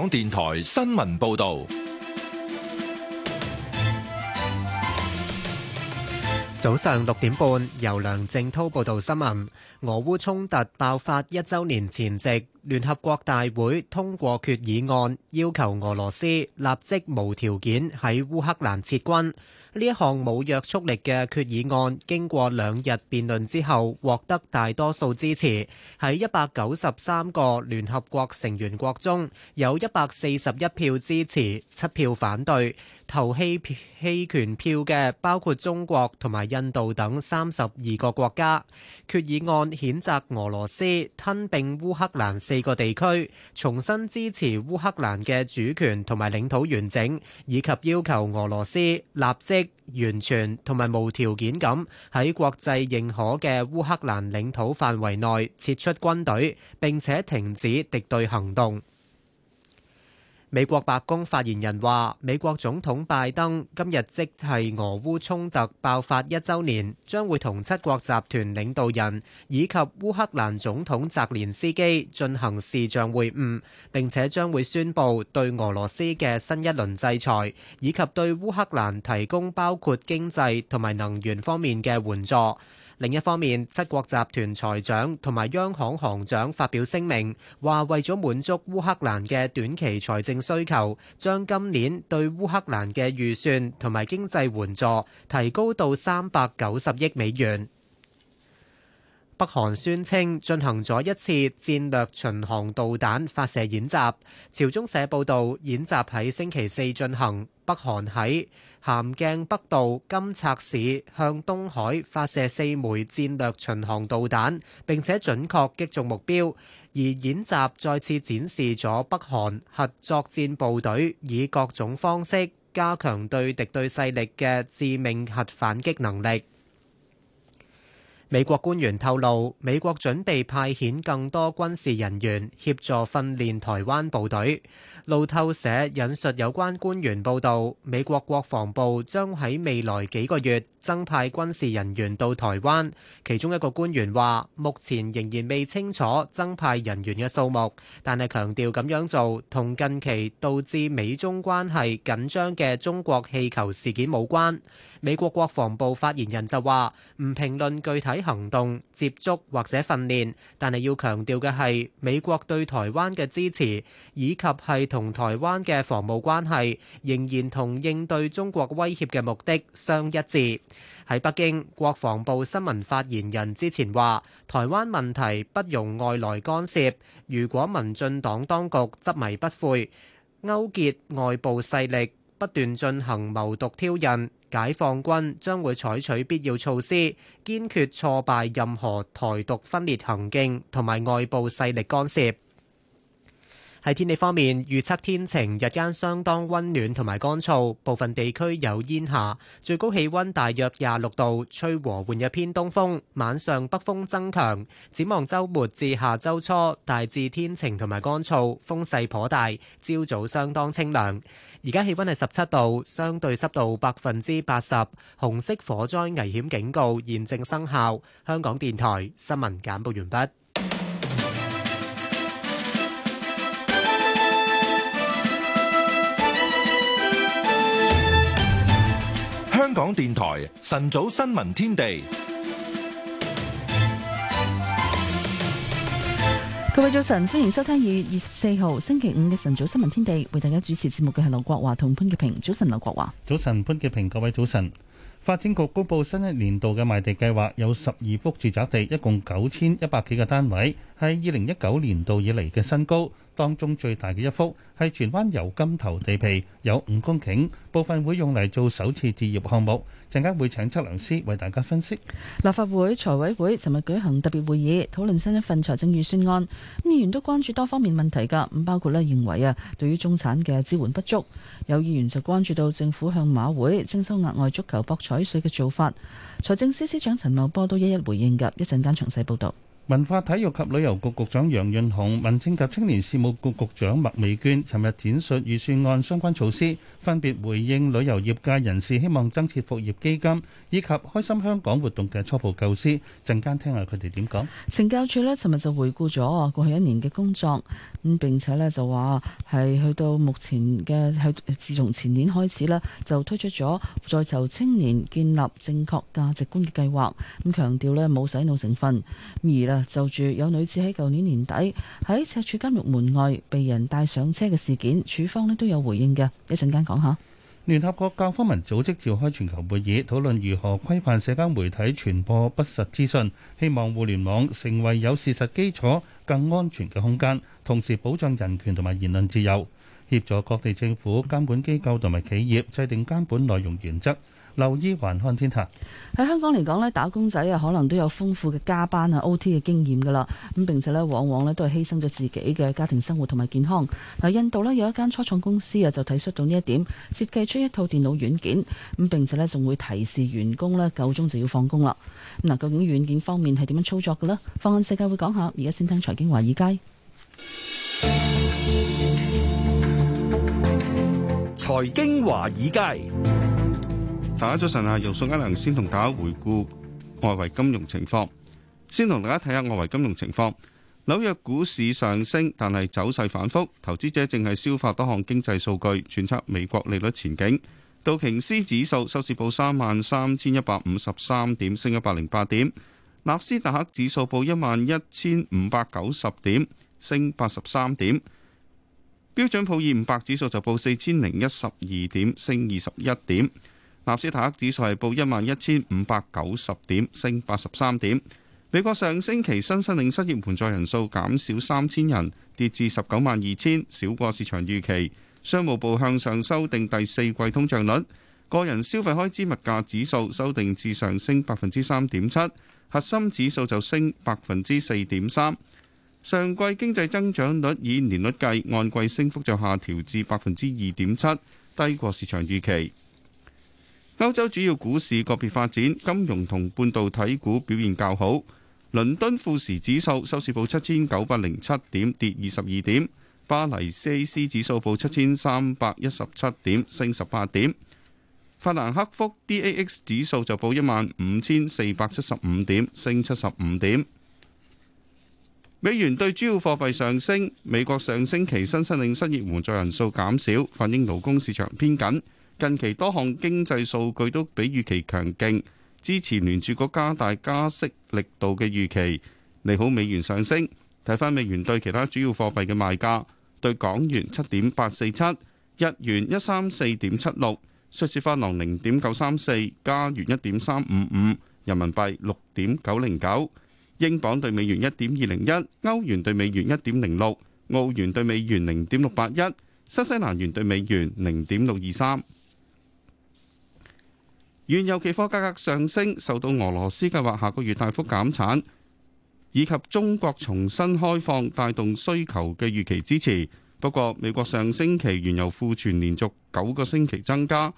港電台新聞報道，早上六點半，由梁正濤報道新聞。俄烏衝突爆發一周年前夕，聯合國大會通過決議案，要求俄羅斯立即無條件喺烏克蘭撤軍。呢一項冇約束力嘅決議案，經過兩日辯論之後，獲得大多數支持。喺一百九十三個聯合國成員國中，有一百四十一票支持，七票反對。投棄棄權票嘅包括中國同埋印度等三十二個國家。決議案譴責俄羅斯吞並烏克蘭四個地區，重新支持烏克蘭嘅主權同埋領土完整，以及要求俄羅斯立即，完全同埋無條件咁喺國際認可嘅烏克蘭領土範圍內撤出軍隊，並且停止敵對行動。美國白宮發言人話：美國總統拜登今日即係俄烏衝突爆發一週年，將會同七國集團領導人以及烏克蘭總統澤連斯基進行視像會晤，並且將會宣布對俄羅斯嘅新一輪制裁，以及對烏克蘭提供包括經濟同埋能源方面嘅援助。另一方面，七國集團財長同埋央行行長發表聲明，話為咗滿足烏克蘭嘅短期財政需求，將今年對烏克蘭嘅預算同埋經濟援助提高到三百九十億美元。北韓宣稱進行咗一次戰略巡航導彈發射演習。朝中社報道，演習喺星期四進行，北韓喺咸鏡北道金策市向東海發射四枚戰略巡航導彈，並且準確擊中目標，而演習再次展示咗北韓核作戰部隊以各種方式加強對敵對勢力嘅致命核反擊能力。美國官員透露，美國準備派遣更多軍事人員協助訓練台灣部隊。路透社引述有關官員報道，美國國防部將喺未來幾個月增派軍事人員到台灣。其中一個官員話，目前仍然未清楚增派人員嘅數目，但係強調咁樣做同近期導致美中關係緊張嘅中國氣球事件冇關。美國國防部發言人就話，唔評論具體行動、接觸或者訓練，但係要強調嘅係美國對台灣嘅支持，以及係同台灣嘅防務關係，仍然同應對中國威脅嘅目的相一致。喺北京，國防部新聞發言人之前話：台灣問題不容外來干涉。如果民進黨當局執迷不悔、勾結外部勢力，不斷進行謀獨挑釁，解放軍將會採取必要措施，堅決挫敗任何台獨分裂行徑同埋外部勢力干涉。喺天氣方面，預測天晴，日間相當溫暖同埋乾燥，部分地區有煙霞，最高氣溫大約廿六度，吹和緩一偏東風，晚上北風增強。展望週末至下週初，大致天晴同埋乾燥，風勢頗大，朝早相當清涼。而家氣溫係十七度，相對濕度百分之八十，紅色火災危險警告現正生效。香港電台新聞簡報完畢。香港電台晨早新聞天地，各位早晨，歡迎收聽二月二十四號星期五嘅晨早新聞天地，為大家主持節目嘅係劉國華同潘潔平。早晨，劉國華。早晨，潘潔平。各位早晨。發展局公布新一年度嘅賣地計劃，有十二幅住宅地，一共九千一百幾個單位，係二零一九年度以嚟嘅新高。當中最大嘅一幅係荃灣油柑頭地皮，有五公頃，部分會用嚟做首次置業項目。陣間會請測量師為大家分析。立法會財委會尋日舉行特別會議，討論新一份財政預算案。咁議員都關注多方面問題㗎，咁包括呢，認為啊，對於中產嘅支援不足。有議員就關注到政府向馬會徵收額外足球博彩稅嘅做法。財政司司長陳茂波都一一回應㗎。一陣間詳細報導。文化、體育及旅遊局局長楊潤雄、民政及青年事務局局長麥美娟尋日展述預算案相關措施，分別回應旅遊業界人士希望增設復業基金以及開心香港活動嘅初步構思。陣間聽下佢哋點講。懲教處咧，尋日就回顧咗過去一年嘅工作，咁並且咧就話係去到目前嘅，係自從前年開始啦，就推出咗在囚青年建立正確價值觀嘅計劃，咁強調咧冇洗腦成分，而咧。就住有女子喺舊年年底喺赤柱監獄門外被人帶上車嘅事件，署方咧都有回應嘅。一陣間講下。聯合國教科文組織召開全球會議，討論如何規範社交媒體傳播不實資訊，希望互聯網成為有事實基礎、更安全嘅空間，同時保障人權同埋言論自由，協助各地政府、監管機構同埋企業制定監管內容原則。留意雲漢天下，喺香港嚟講咧，打工仔啊，可能都有豐富嘅加班啊、O T 嘅經驗噶啦，咁並且咧，往往咧都係犧牲咗自己嘅家庭生活同埋健康。嗱，印度咧有一間初創公司啊，就提出到呢一點，設計出一套電腦軟件咁，並且咧仲會提示員工咧，夠鐘就要放工啦。嗱，究竟軟件方面係點樣操作嘅呢？放眼世界會講下，而家先聽財經華爾街。財經華爾街。大家早晨啊，由宋嘉良先同大家回顧外圍金融情況。先同大家睇下外圍金融情況。紐約股市上升，但係走勢反覆，投資者正係消化多項經濟數據，揣測美國利率前景。道瓊斯指數收市報三萬三千一百五十三點，升一百零八點。納斯達克指數報一萬一千五百九十點，升八十三點。標準普爾五百指數就報四千零一十二點，升二十一點。納斯達克指數係報一萬一千五百九十點，升八十三點。美國上星期新申領失業援助人數減少三千人，跌至十九萬二千，少過市場預期。商務部向上修訂第四季通脹率，個人消費開支物價指數修訂至上升百分之三點七，核心指數就升百分之四點三。上季經濟增長率以年率計，按季升幅就下調至百分之二點七，低過市場預期。歐洲主要股市個別發展，金融同半導體股表現較好。倫敦富時指數收市報七千九百零七點，跌二十二點；巴黎 CAC 指數報七千三百一十七點，升十八點；法蘭克福 DAX 指數就報一萬五千四百七十五點，升七十五點。美元兌主要貨幣上升，美國上星期新申領失業援助人數減少，反映勞工市場偏緊。近期多項經濟數據都比預期強勁，支持聯儲局加大加息力度嘅預期，利好美元上升。睇返美元對其他主要貨幣嘅賣價，對港元七點八四七，日元一三四點七六，瑞士法郎零點九三四，加元一點三五五，人民幣六點九零九，英鎊對美元一點二零一，歐元對美元一點零六，澳元對美元零點六八一，新西蘭元對美元零點六二三。原油期貨價格上升，受到俄羅斯計劃下個月大幅減產，以及中國重新開放帶動需求嘅預期支持。不過，美國上星期原油庫存連續九個星期增加，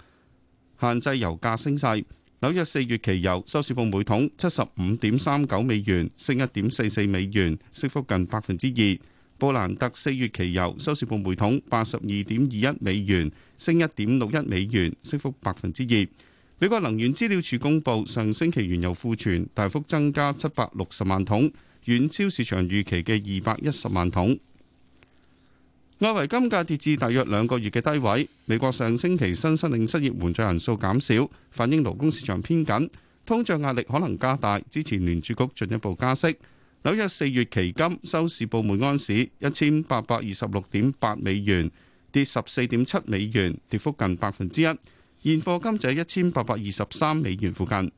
限制油價升勢。紐約四月期油收市報每桶七十五點三九美元，升一點四四美元，升幅近百分之二。布蘭特四月期油收市報每桶八十二點二一美元，升一點六一美元，升幅百分之二。美國能源資料處公布，上星期原油庫存大幅增加七百六十萬桶，遠超市場預期嘅二百一十萬桶。外圍金價跌至大約兩個月嘅低位。美國上星期新申領失業援助人數減少，反映勞工市場偏緊，通脹壓力可能加大，支持聯儲局進一步加息。紐約四月期金收市報每安士一千八百二十六點八美元，跌十四點七美元，跌幅近百分之一。現貨金就喺一千八百二十三美元附近。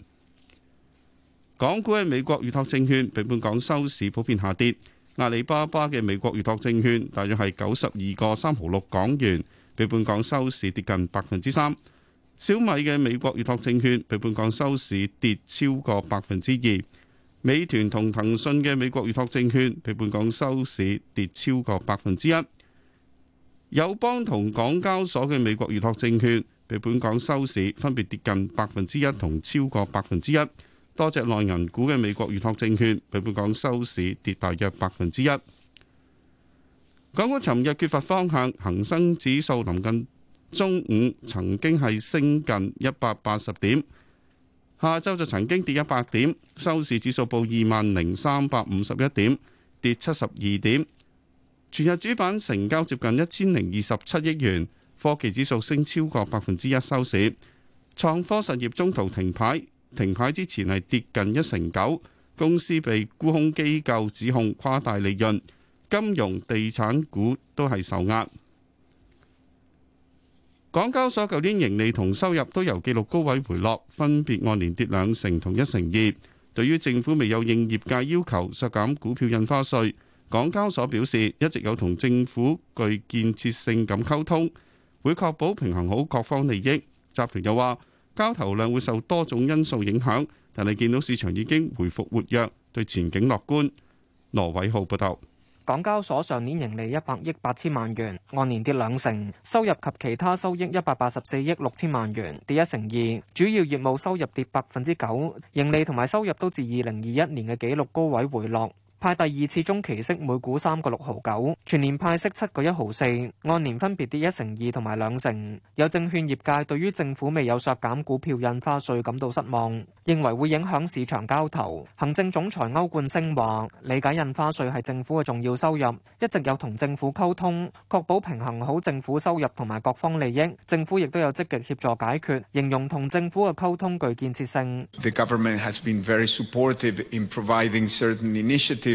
港股嘅美國預託證券比本港收市普遍下跌。阿里巴巴嘅美國預託證券大約係九十二個三毫六港元，比本港收市跌近百分之三。小米嘅美國預託證券比本港收市跌超過百分之二。美團同騰訊嘅美國預託證券比本港收市跌超過百分之一。友邦同港交所嘅美國預託證券。比本港收市分別跌近百分之一同超過百分之一，多隻內銀股嘅美國預託證券比本港收市跌大約百分之一。港股尋日缺乏方向，恒生指數臨近中午曾經係升近一百八十點，下周就曾經跌一百點，收市指數報二萬零三百五十一點，跌七十二點。全日主板成交接近一千零二十七億元。科技指數升超過百分之一收市。創科實業中途停牌，停牌之前係跌近一成九。公司被沽空機構指控誇大利潤。金融地產股都係受壓。港交所舊年盈利同收入都由紀錄高位回落，分別按年跌兩成同一成二。對於政府未有應業界要求削減股票印花稅，港交所表示一直有同政府具建設性咁溝通。會確保平衡好各方利益。集團又話，交投量會受多種因素影響，但係見到市場已經回復活躍，對前景樂觀。羅偉浩報道。港交所上年盈利一百億八千萬元，按年跌兩成，收入及其他收益一百八十四億六千萬元，跌一成二。主要業務收入跌百分之九，盈利同埋收入都自二零二一年嘅紀錄高位回落。派第二次中期息每股三個六毫九，全年派息七個一毫四，按年分別跌一成二同埋兩成。有證券業界對於政府未有削減股票印花稅感到失望，認為會影響市場交投。行政總裁歐冠升話：理解印花稅係政府嘅重要收入，一直有同政府溝通，確保平衡好政府收入同埋各方利益。政府亦都有積極協助解決，形容同政府嘅溝通具建設性。The government has been very supportive in providing certain initiatives.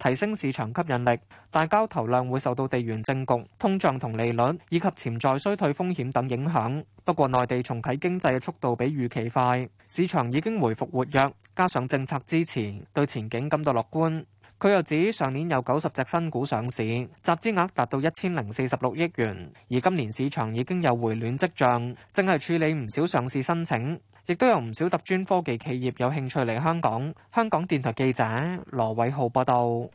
提升市場吸引力，大交投量會受到地緣政局、通脹同利率以及潛在衰退風險等影響。不過，內地重啟經濟嘅速度比預期快，市場已經回復活躍，加上政策支持，對前景感到樂觀。佢又指上年有九十隻新股上市，集資額達到一千零四十六億元，而今年市場已經有回暖跡象，正係處理唔少上市申請，亦都有唔少特專科技企業有興趣嚟香港。香港電台記者羅偉浩報道。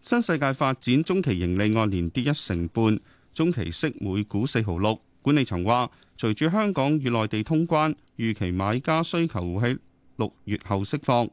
新世界發展中期盈利按年跌一成半，中期息每股四毫六。管理層話，隨住香港與內地通關，預期買家需求喺六月後釋放，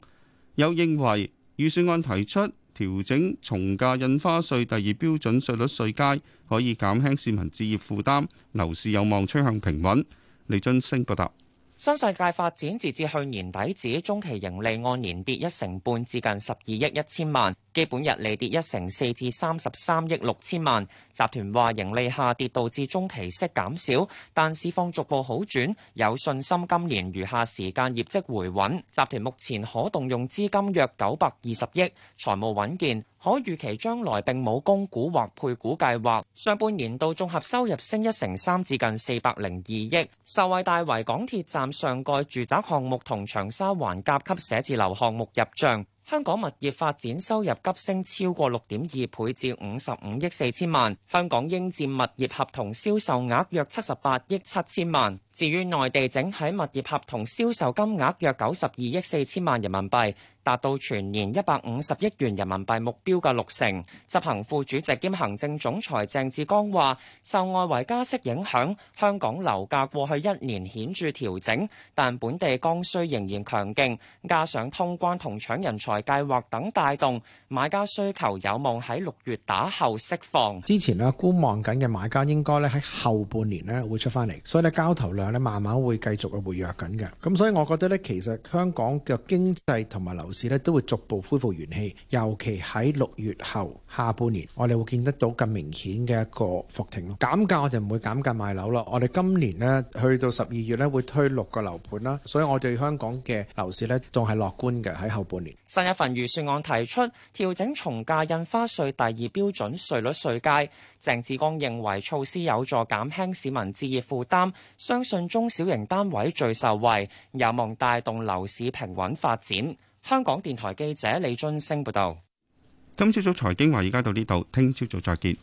有認為。預算案提出調整重價印花稅第二標準稅率稅階，可以減輕市民置業負擔，樓市有望趨向平穩。李津升報道。新世界發展截至去年底止中期盈利按年跌一成半，接近十二億一千萬；基本溢利跌一成四至三十三億六千萬。集團話盈利下跌導致中期息減少，但市況逐步好轉，有信心今年餘下時間業績回穩。集團目前可動用資金約九百二十億，財務穩健。可預期將來並冇供股或配股計劃。上半年度綜合收入升一成三至近四百零二億，受惠大圍港鐵站上蓋住宅項目同長沙環甲級寫字樓項目入帳。香港物業發展收入急升超過六點二倍至五十五億四千萬。香港應佔物業合同銷售額約七十八億七千萬。至於內地整體物業合同銷售金額約九十二億四千萬人民幣，達到全年一百五十億元人民幣目標嘅六成。執行副主席兼行政總裁鄭志剛話：受外圍加息影響，香港樓價過去一年顯著調整，但本地剛需仍然強勁，加上通關同搶人才計劃等帶動，買家需求有望喺六月打後釋放。之前呢觀望緊嘅買家應該咧喺後半年呢會出翻嚟，所以呢交投量。慢慢會繼續嘅回弱緊嘅，咁所以我覺得咧，其實香港嘅經濟同埋樓市咧都會逐步恢復元氣，尤其喺六月後下半年，我哋會見得到更明顯嘅一個復停咯。減價我就唔會減價賣樓啦。我哋今年咧去到十二月咧會推六個樓盤啦，所以我對香港嘅樓市咧仲係樂觀嘅喺後半年。新一份預算案提出調整重價印花稅第二標準稅率稅階。鄭志剛認為措施有助減輕市民置業負擔，相信中小型單位最受惠，有望帶動樓市平穩發展。香港電台記者李俊升報道：「今朝早財經話而家到呢度，聽朝早再見。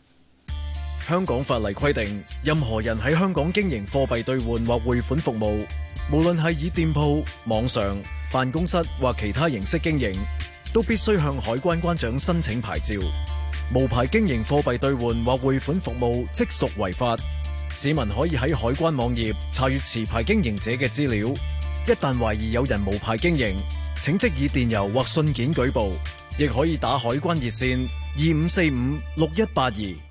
香港法例規定，任何人喺香港經營貨幣兌換或匯款服務。無論係以店鋪、網上、辦公室或其他形式經營，都必須向海關關長申請牌照。無牌經營貨幣兌換或匯款服務，即屬違法。市民可以喺海關網頁查閱持牌經營者嘅資料。一旦懷疑有人無牌經營，請即以電郵或信件舉報，亦可以打海關熱線二五四五六一八二。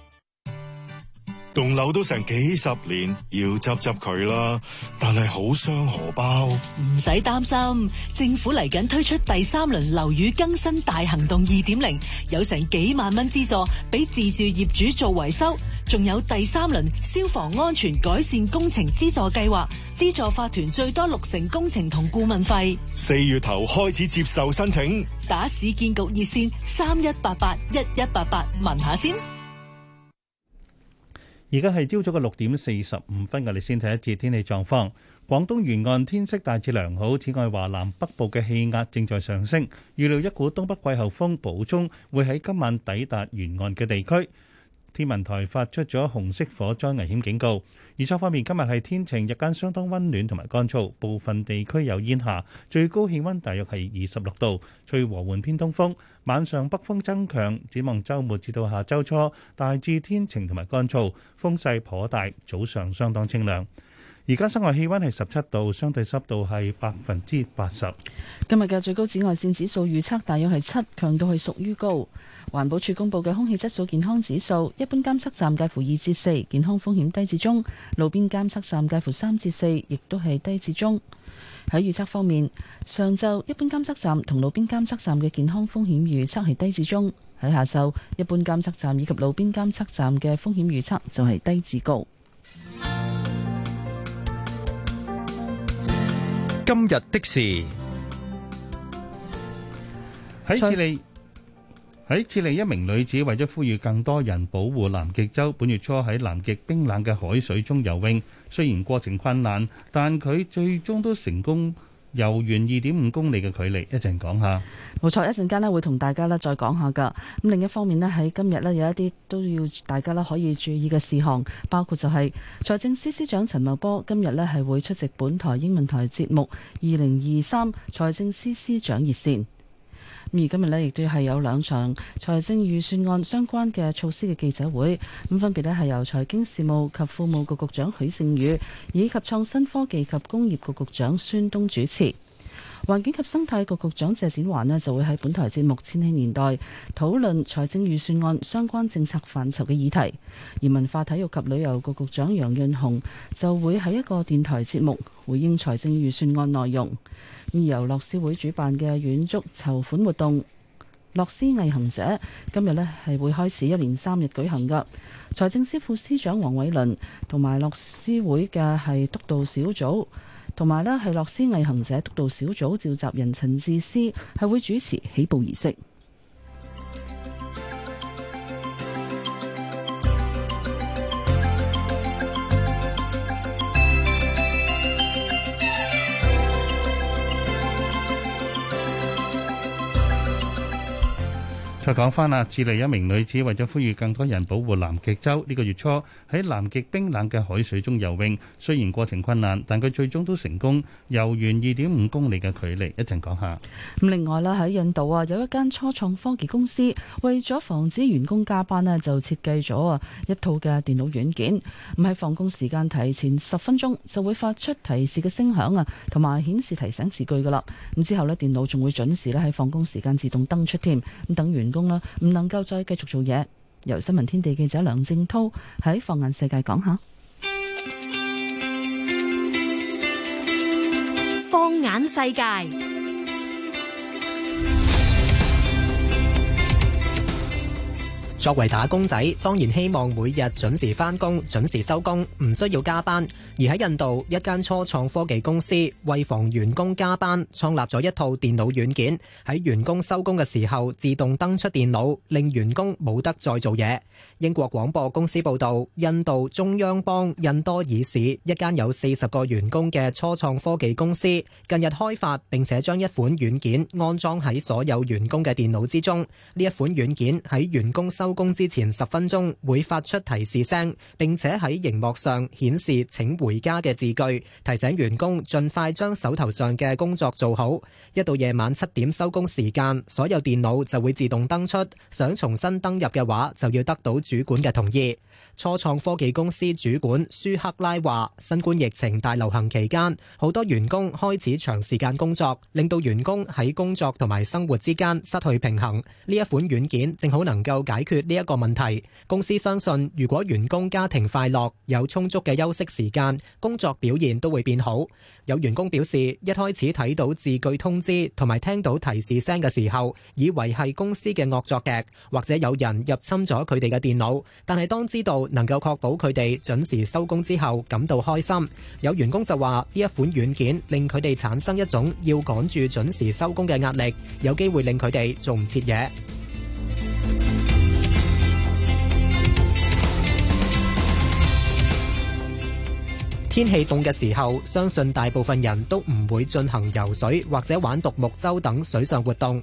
棟樓都成幾十年，要執執佢啦，但係好傷荷包。唔使擔心，政府嚟緊推出第三輪樓宇更新大行動二點零，有成幾萬蚊資助俾自住業主做維修，仲有第三輪消防安全改善工程資助計劃，資助法團最多六成工程同顧問費。四月頭開始接受申請，打市建局熱線三一八八一一八八問下先。而家係朝早嘅六點四十五分，我哋先睇一節天氣狀況。廣東沿岸天色大致良好，此外華南北部嘅氣壓正在上升，預料一股東北季候風補充會喺今晚抵達沿岸嘅地區。天文台發出咗紅色火災危險警告。預測方面，今日係天晴，日間相當溫暖同埋乾燥，部分地區有煙霞，最高氣溫大約係二十六度，吹和緩偏東風。晚上北風增強，展望周末至到下周初，大致天晴同埋乾燥，風勢頗大，早上相當清涼。而家室外氣溫係十七度，相對濕度係百分之八十。今日嘅最高紫外綫指數預測大約係七，強度係屬於高。環保署公布嘅空氣質素健康指數，一般監測站介乎二至四，健康風險低至中；路邊監測站介乎三至四，亦都係低至中。喺預測方面，上晝一般監測站同路邊監測站嘅健康風險預測係低至中；喺下晝，一般監測站以及路邊監測站嘅風險預測就係低至高。今日的事喺這裏。喺設立一名女子為咗呼籲更多人保護南極洲，本月初喺南極冰冷嘅海水中游泳。雖然過程困難，但佢最終都成功遊完二點五公里嘅距離。講一陣講下，冇錯，一陣間咧會同大家咧再講下㗎。咁另一方面咧喺今日咧有一啲都要大家咧可以注意嘅事項，包括就係財政司司長陳茂波今日咧係會出席本台英文台節目《二零二三財政司司長熱線》。而今日呢亦都係有兩場財政預算案相關嘅措施嘅記者會，咁分別咧係由財經事務及庫務局局局長許勝宇以及創新科技及工業局局局長孫東主持。環境及生態局局長謝展寰呢就會喺本台節目《千禧年代》討論財政預算案相關政策範疇嘅議題，而文化體育及旅遊局局長楊潤雄就會喺一個電台節目回應財政預算案內容。咁由樂施會主辦嘅遠足籌款活動“樂施毅行者”今日呢係會開始一連三日舉行噶。財政司副司長黃偉綸同埋樂施會嘅係督導小組。同埋咧，係樂施毅行者督導小組召集人陳智思係會主持起步儀式。再講翻喇，智利一名女子為咗呼籲更多人保護南極洲，呢個月初喺南極冰冷嘅海水中游泳。雖然過程困難，但佢最終都成功遊完二點五公里嘅距離。一陣講下。另外喇，喺印度啊，有一間初創科技公司為咗防止員工加班呢，就設計咗啊一套嘅電腦軟件。唔喺放工時間提前十分鐘就會發出提示嘅聲響啊，同埋顯示提醒字句噶啦。咁之後呢，電腦仲會準時呢喺放工時間自動登出添。咁等員工啦，唔能夠再繼續做嘢。由新聞天地記者梁正濤喺放眼世界講下。放眼世界。作為打工仔，當然希望每日準時返工、準時收工，唔需要加班。而喺印度，一間初創科技公司為防員工加班，創立咗一套電腦軟件，喺員工收工嘅時候自動登出電腦，令員工冇得再做嘢。英國廣播公司報道，印度中央邦印多爾市一間有四十個員工嘅初創科技公司，近日開發並且將一款軟件安裝喺所有員工嘅電腦之中。呢一款軟件喺員工收工之前十分鐘會發出提示聲，並且喺熒幕上顯示「請回家」嘅字句，提醒員工盡快將手頭上嘅工作做好。一到夜晚七點收工時間，所有電腦就會自動登出，想重新登入嘅話，就要得到主管嘅同意。初創科技公司主管舒克拉話，新冠疫情大流行期間，好多員工開始長時間工作，令到員工喺工作同埋生活之間失去平衡。呢一款軟件正好能夠解決呢一個問題。公司相信，如果員工家庭快樂，有充足嘅休息時間，工作表現都會變好。有員工表示，一開始睇到字句通知同埋聽到提示聲嘅時候，以為係公司嘅惡作劇，或者有人入侵咗佢哋嘅電腦。但係當知道能夠確保佢哋準時收工之後感到開心。有員工就話，呢一款軟件令佢哋產生一種要趕住準時收工嘅壓力，有機會令佢哋做唔切嘢。天氣凍嘅時候，相信大部分人都唔會進行游水或者玩獨木舟等水上活動。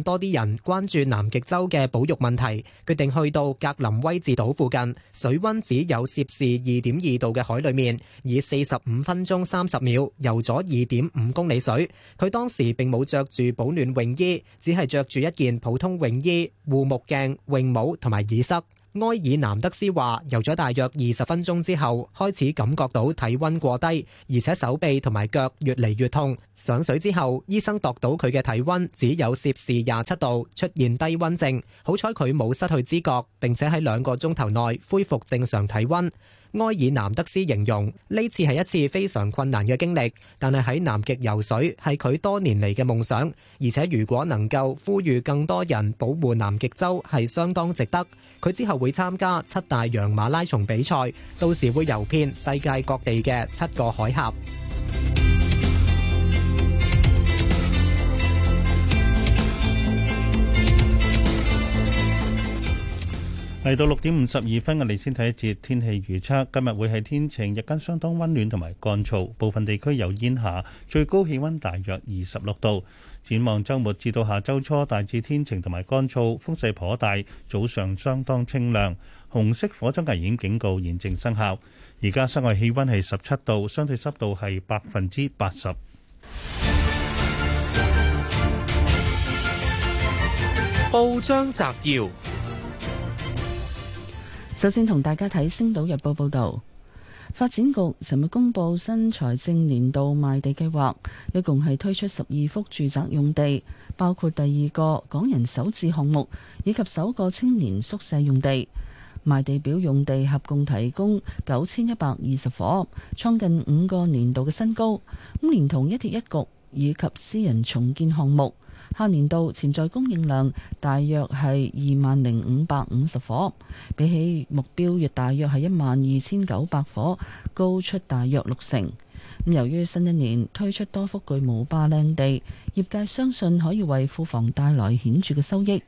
多啲人關注南極洲嘅保育問題，決定去到格林威治島附近，水溫只有攝氏二點二度嘅海裡面，以四十五分鐘三十秒游咗二點五公里水。佢當時並冇着住保暖泳衣，只係着住一件普通泳衣、護目鏡、泳帽同埋耳塞。埃爾南德斯話：游咗大約二十分鐘之後，開始感覺到體溫過低，而且手臂同埋腳越嚟越痛。上水之後，醫生度到佢嘅體溫只有攝氏廿七度，出現低溫症。好彩佢冇失去知覺，並且喺兩個鐘頭內恢復正常體溫。埃爾南德斯形容呢次係一次非常困難嘅經歷，但係喺南極游水係佢多年嚟嘅夢想，而且如果能夠呼籲更多人保護南極洲係相當值得。佢之後會參加七大洋馬拉松比賽，到時會游遍世界各地嘅七個海峽。嚟到六點五十二分，我哋先睇一節天氣預測。今日會係天晴，日間相當溫暖同埋乾燥，部分地區有煙霞。最高氣溫大約二十六度。展望周末至到下周初，大致天晴同埋乾燥，風勢頗大，早上相當清涼。紅色火災危險警告現正生效。而家室外氣溫係十七度，相對濕度係百分之八十。報章摘要。首先同大家睇《星島日報》報道，發展局尋日公布新財政年度賣地計劃，一共係推出十二幅住宅用地，包括第二個港人首置項目以及首個青年宿舍用地，賣地表用地合共提供九千一百二十伙，創近五個年度嘅新高，咁連同一鐵一局以及私人重建項目。下年度潛在供應量大約係二萬零五百五十伙，比起目標亦大約係一萬二千九百夥，高出大約六成。由於新一年推出多幅巨無霸靚地，業界相信可以為庫房帶來顯著嘅收益。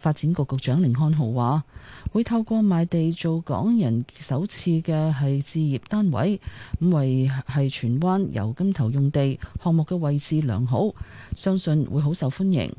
發展局局長甯漢豪話。會透過賣地做港人首次嘅係置業單位，咁為係荃灣油柑頭用地項目嘅位置良好，相信會好受歡迎。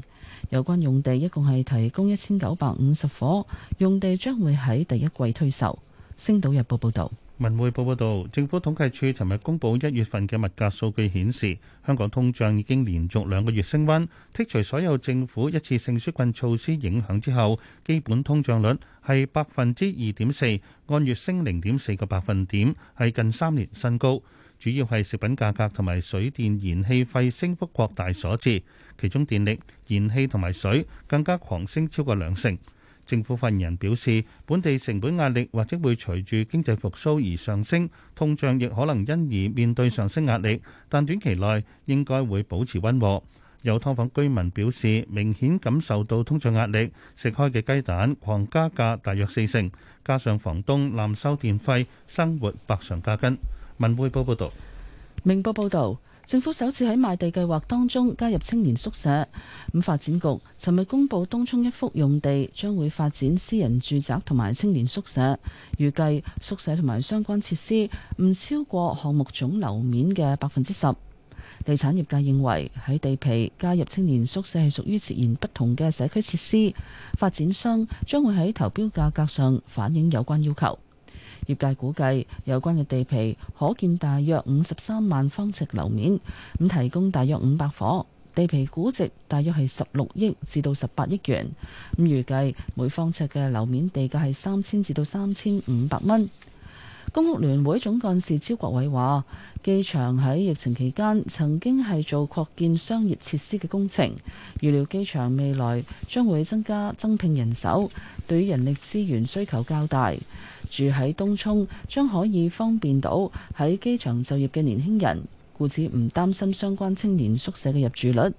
有關用地一共係提供一千九百五十伙，用地將會喺第一季推售。星島日報報導。文匯報報道，政府統計處尋日公布一月份嘅物價數據顯示，香港通脹已經連續兩個月升溫。剔除所有政府一次性紓困措施影響之後，基本通脹率係百分之二點四，按月升零點四個百分點，係近三年新高。主要係食品價格同埋水電燃氣費升幅擴大所致，其中電力、燃氣同埋水更加狂升超過兩成。政府發言人表示，本地成本壓力或者會隨住經濟復蘇而上升，通脹亦可能因而面對上升壓力，但短期內應該會保持溫和。有㓥房居民表示，明顯感受到通脹壓力，食開嘅雞蛋狂加價大約四成，加上房東濫收電費，生活百上加斤。文匯報報道，明報報道。政府首次喺賣地計劃當中加入青年宿舍。咁發展局尋日公布，東涌一幅用地將會發展私人住宅同埋青年宿舍，預計宿舍同埋相關設施唔超過項目總樓面嘅百分之十。地產業界認為喺地皮加入青年宿舍係屬於截然不同嘅社區設施，發展商將會喺投標價格上反映有關要求。業界估計，有關嘅地皮可建大約五十三萬方呎樓面，咁提供大約五百夥地皮，估值大約係十六億至到十八億元。咁預計每方呎嘅樓面地價係三千至到三千五百蚊。公屋聯會總幹事招國偉話，機場喺疫情期間曾經係做擴建商業設施嘅工程，預料機場未來將會增加增聘人手，對人力資源需求較大。住喺東涌，將可以方便到喺機場就業嘅年輕人，故此唔擔心相關青年宿舍嘅入住率。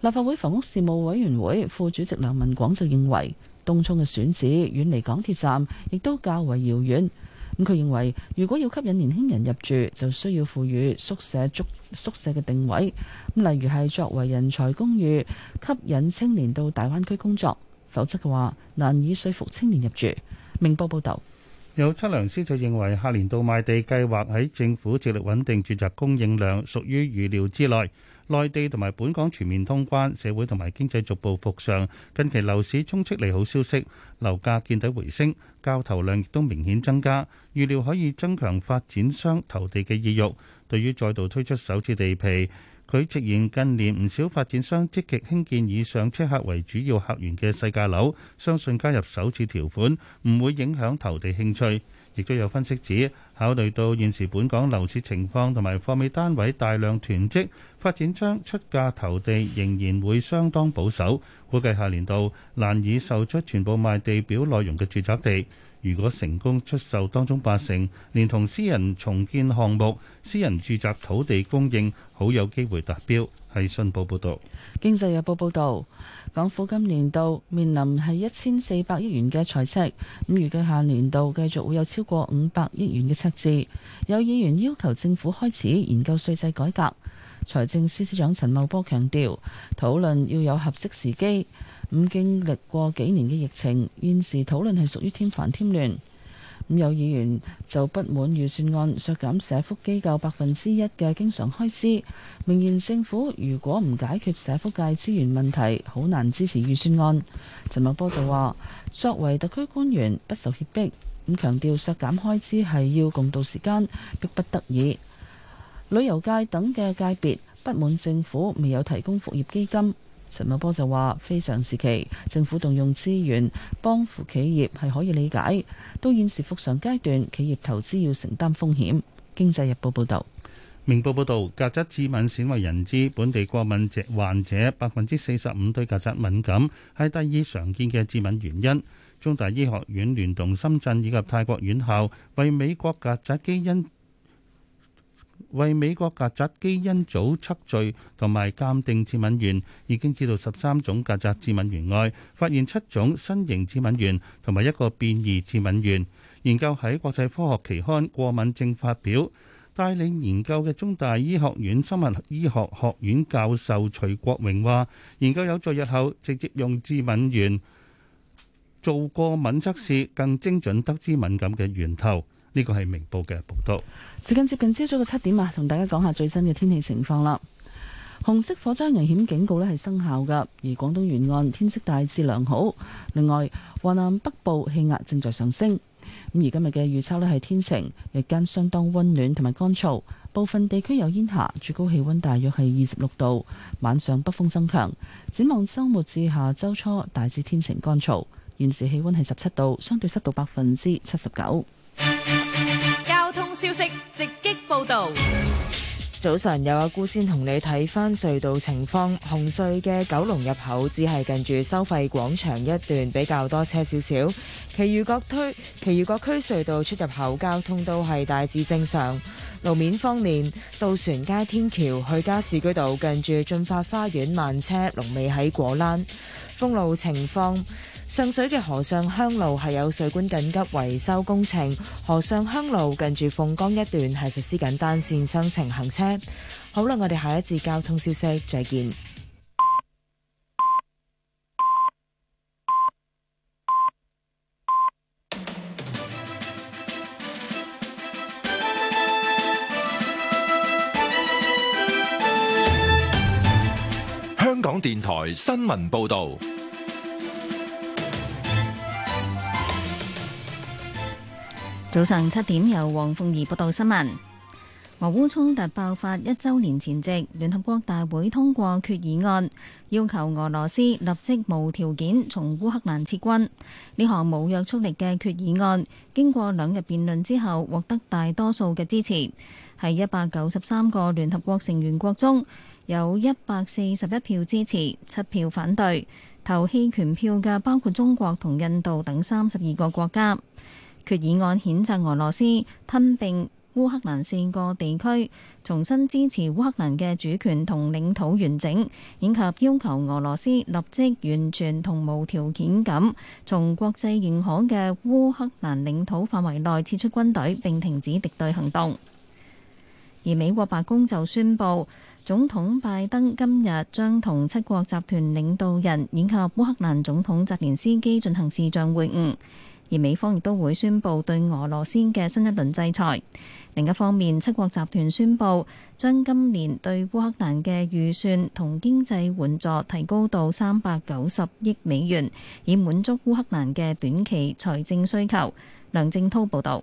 立法會房屋事務委員會副主席梁文廣就認為，東涌嘅選址遠離港鐵站，亦都較為遙遠。咁佢認為，如果要吸引年輕人入住，就需要賦予宿舍宿宿舍嘅定位，咁例如係作為人才公寓，吸引青年到大灣區工作。否則嘅話，難以說服青年入住。明報報道。有測量師就認為，下年度賣地計劃喺政府致力穩定住宅供應量，屬於預料之內。內地同埋本港全面通關，社會同埋經濟逐步復常，近期樓市充斥利好消息，樓價見底回升，交投量亦都明顯增加，預料可以增強發展商投地嘅意欲。對於再度推出首次地皮。佢直言，近年唔少發展商積極興建以上車客為主要客源嘅細價樓，相信加入首次條款唔會影響投地興趣。亦都有分析指，考慮到現時本港樓市情況同埋貨尾單位大量囤積，發展商出價投地仍然會相當保守，估計下年度難以售出全部賣地表內容嘅住宅地。如果成功出售當中八成，連同私人重建項目、私人住宅土地供應，好有機會達標，係信報報道，經濟日報報道，港府今年度面臨係一千四百億元嘅財赤，咁預計下年度繼續會有超過五百億元嘅赤字。有議員要求政府開始研究稅制改革，財政司司長陳茂波強調，討論要有合適時機。咁經歷過幾年嘅疫情，現時討論係屬於添煩添亂。咁有議員就不滿預算案削減社福機構百分之一嘅經常開支，明言政府如果唔解決社福界資源問題，好難支持預算案。陳茂波就話：作為特區官員，不受脅迫，咁強調削減開支係要共度時間，迫不得已。旅遊界等嘅界別不滿政府未有提供復業基金。陳茂波就話：非常時期，政府動用資源幫扶企業係可以理解。到現時復常階段，企業投資要承擔風險。經濟日報報道，明報報道，曱甴致敏鮮為人知，本地過敏症患者百分之四十五對曱甴敏感，係第二常見嘅致敏原因。中大醫學院聯同深圳以及泰國院校，為美國曱甴基因。為美國曱甴基因組測序同埋鑑定致敏源，已經知道十三種曱甴致敏源外，發現七種新型致敏源同埋一個變異致敏源。研究喺國際科學期刊《過敏症》發表。帶領研究嘅中大醫學院生物醫學學院教授徐國榮話，研究有助日後直接用致敏源做過敏測試，更精準得知敏感嘅源頭。呢個係明報嘅報道。時間接近朝早嘅七點啊，同大家講下最新嘅天氣情況啦。紅色火災危險警告咧係生效嘅，而廣東沿岸天色大致良好。另外，華南北部氣壓正在上升。咁而今日嘅預測咧係天晴，日間相當溫暖同埋乾燥，部分地區有煙霞。最高氣溫大約係二十六度，晚上北風增強。展望週末至下周初，大致天晴乾燥。現時氣溫係十七度，相對濕度百分之七十九。消息直擊報道。早晨，有阿姑先同你睇翻隧道情況。紅隧嘅九龍入口只係近住收費廣場一段比較多車少少，其餘各區其餘各區隧道出入口交通都係大致正常。路面方面，渡船街天橋去加士居道近住駿發花園慢車龍尾喺果欄。公路情況。上水嘅河上鄉路係有水管緊急維修工程，河上鄉路近住鳳崗一段係實施緊單線雙程行車。好啦，我哋下一節交通消息再見。香港電台新聞報道。早上七點，由黃鳳儀報道新聞。俄烏衝突爆發一周年前夕，聯合國大會通過決議案，要求俄羅斯立即無條件從烏克蘭撤軍。呢項冇約束力嘅決議案，經過兩日辯論之後，獲得大多數嘅支持。喺一百九十三個聯合國成員國中有一百四十一票支持，七票反對，投棄權票嘅包括中國同印度等三十二個國家。決議案譴責俄羅斯吞併烏克蘭四個地區，重新支持烏克蘭嘅主權同領土完整，以及要求俄羅斯立即完全同無條件咁，從國際認可嘅烏克蘭領土範圍內撤出軍隊並停止敵對行動。而美國白宮就宣布，總統拜登今日將同七國集團領導人以及烏克蘭總統澤連斯基進行視像會晤。而美方亦都會宣布對俄羅斯嘅新一輪制裁。另一方面，七國集團宣布將今年對烏克蘭嘅預算同經濟援助提高到三百九十億美元，以滿足烏克蘭嘅短期財政需求。梁正滔報導。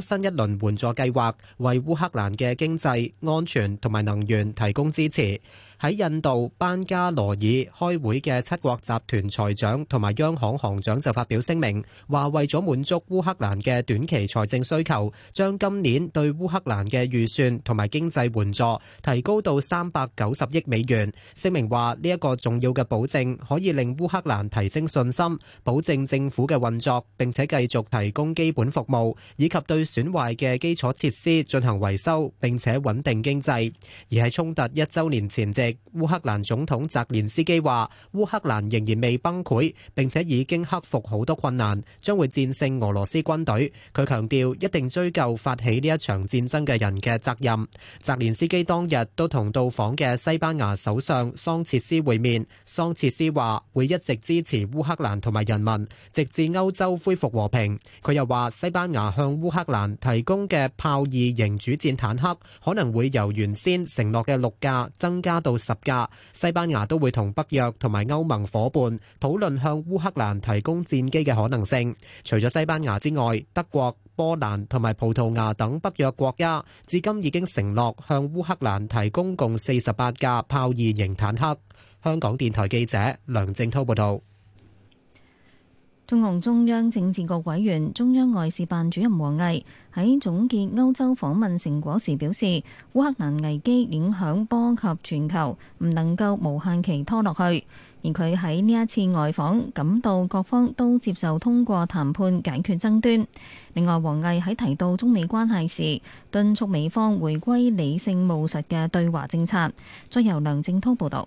新一輪援助計劃，為烏克蘭嘅經濟、安全同埋能源提供支持。喺印度班加羅爾開會嘅七國集團財長同埋央行行長就發表聲明，話為咗滿足烏克蘭嘅短期財政需求，將今年對烏克蘭嘅預算同埋經濟援助提高到三百九十億美元。聲明話呢一個重要嘅保證，可以令烏克蘭提升信心，保證政府嘅運作，並且繼續提供基本服務，以及對損壞嘅基礎設施進行維修，並且穩定經濟。而喺衝突一周年前夕，烏克蘭總統澤連斯基話：烏克蘭仍然未崩潰，並且已經克服好多困難，將會戰勝俄羅斯軍隊。佢強調一定追究發起呢一場戰爭嘅人嘅責任。澤連斯基當日都同到訪嘅西班牙首相桑切斯會面。桑切斯話會一直支持烏克蘭同埋人民，直至歐洲恢復和平。佢又話西班牙向烏克蘭提供嘅豹二型主戰坦克可能會由原先承諾嘅六架增加到十架。西班牙都會同北約同埋歐盟夥伴討論向烏克蘭提供戰機嘅可能性。除咗西班牙之外，德國、波蘭同埋葡萄牙等北約國家，至今已經承諾向烏克蘭提供共四十八架豹二型坦克。香港電台記者梁正濤報道。中共中央政治局委員、中央外事辦主任王毅喺總結歐洲訪問成果時表示，烏克蘭危機影響波及全球，唔能夠無限期拖落去。而佢喺呢一次外訪感到各方都接受通過談判解決爭端。另外，王毅喺提到中美關係時，敦促美方回歸理性務實嘅對華政策。再由梁正濤報道。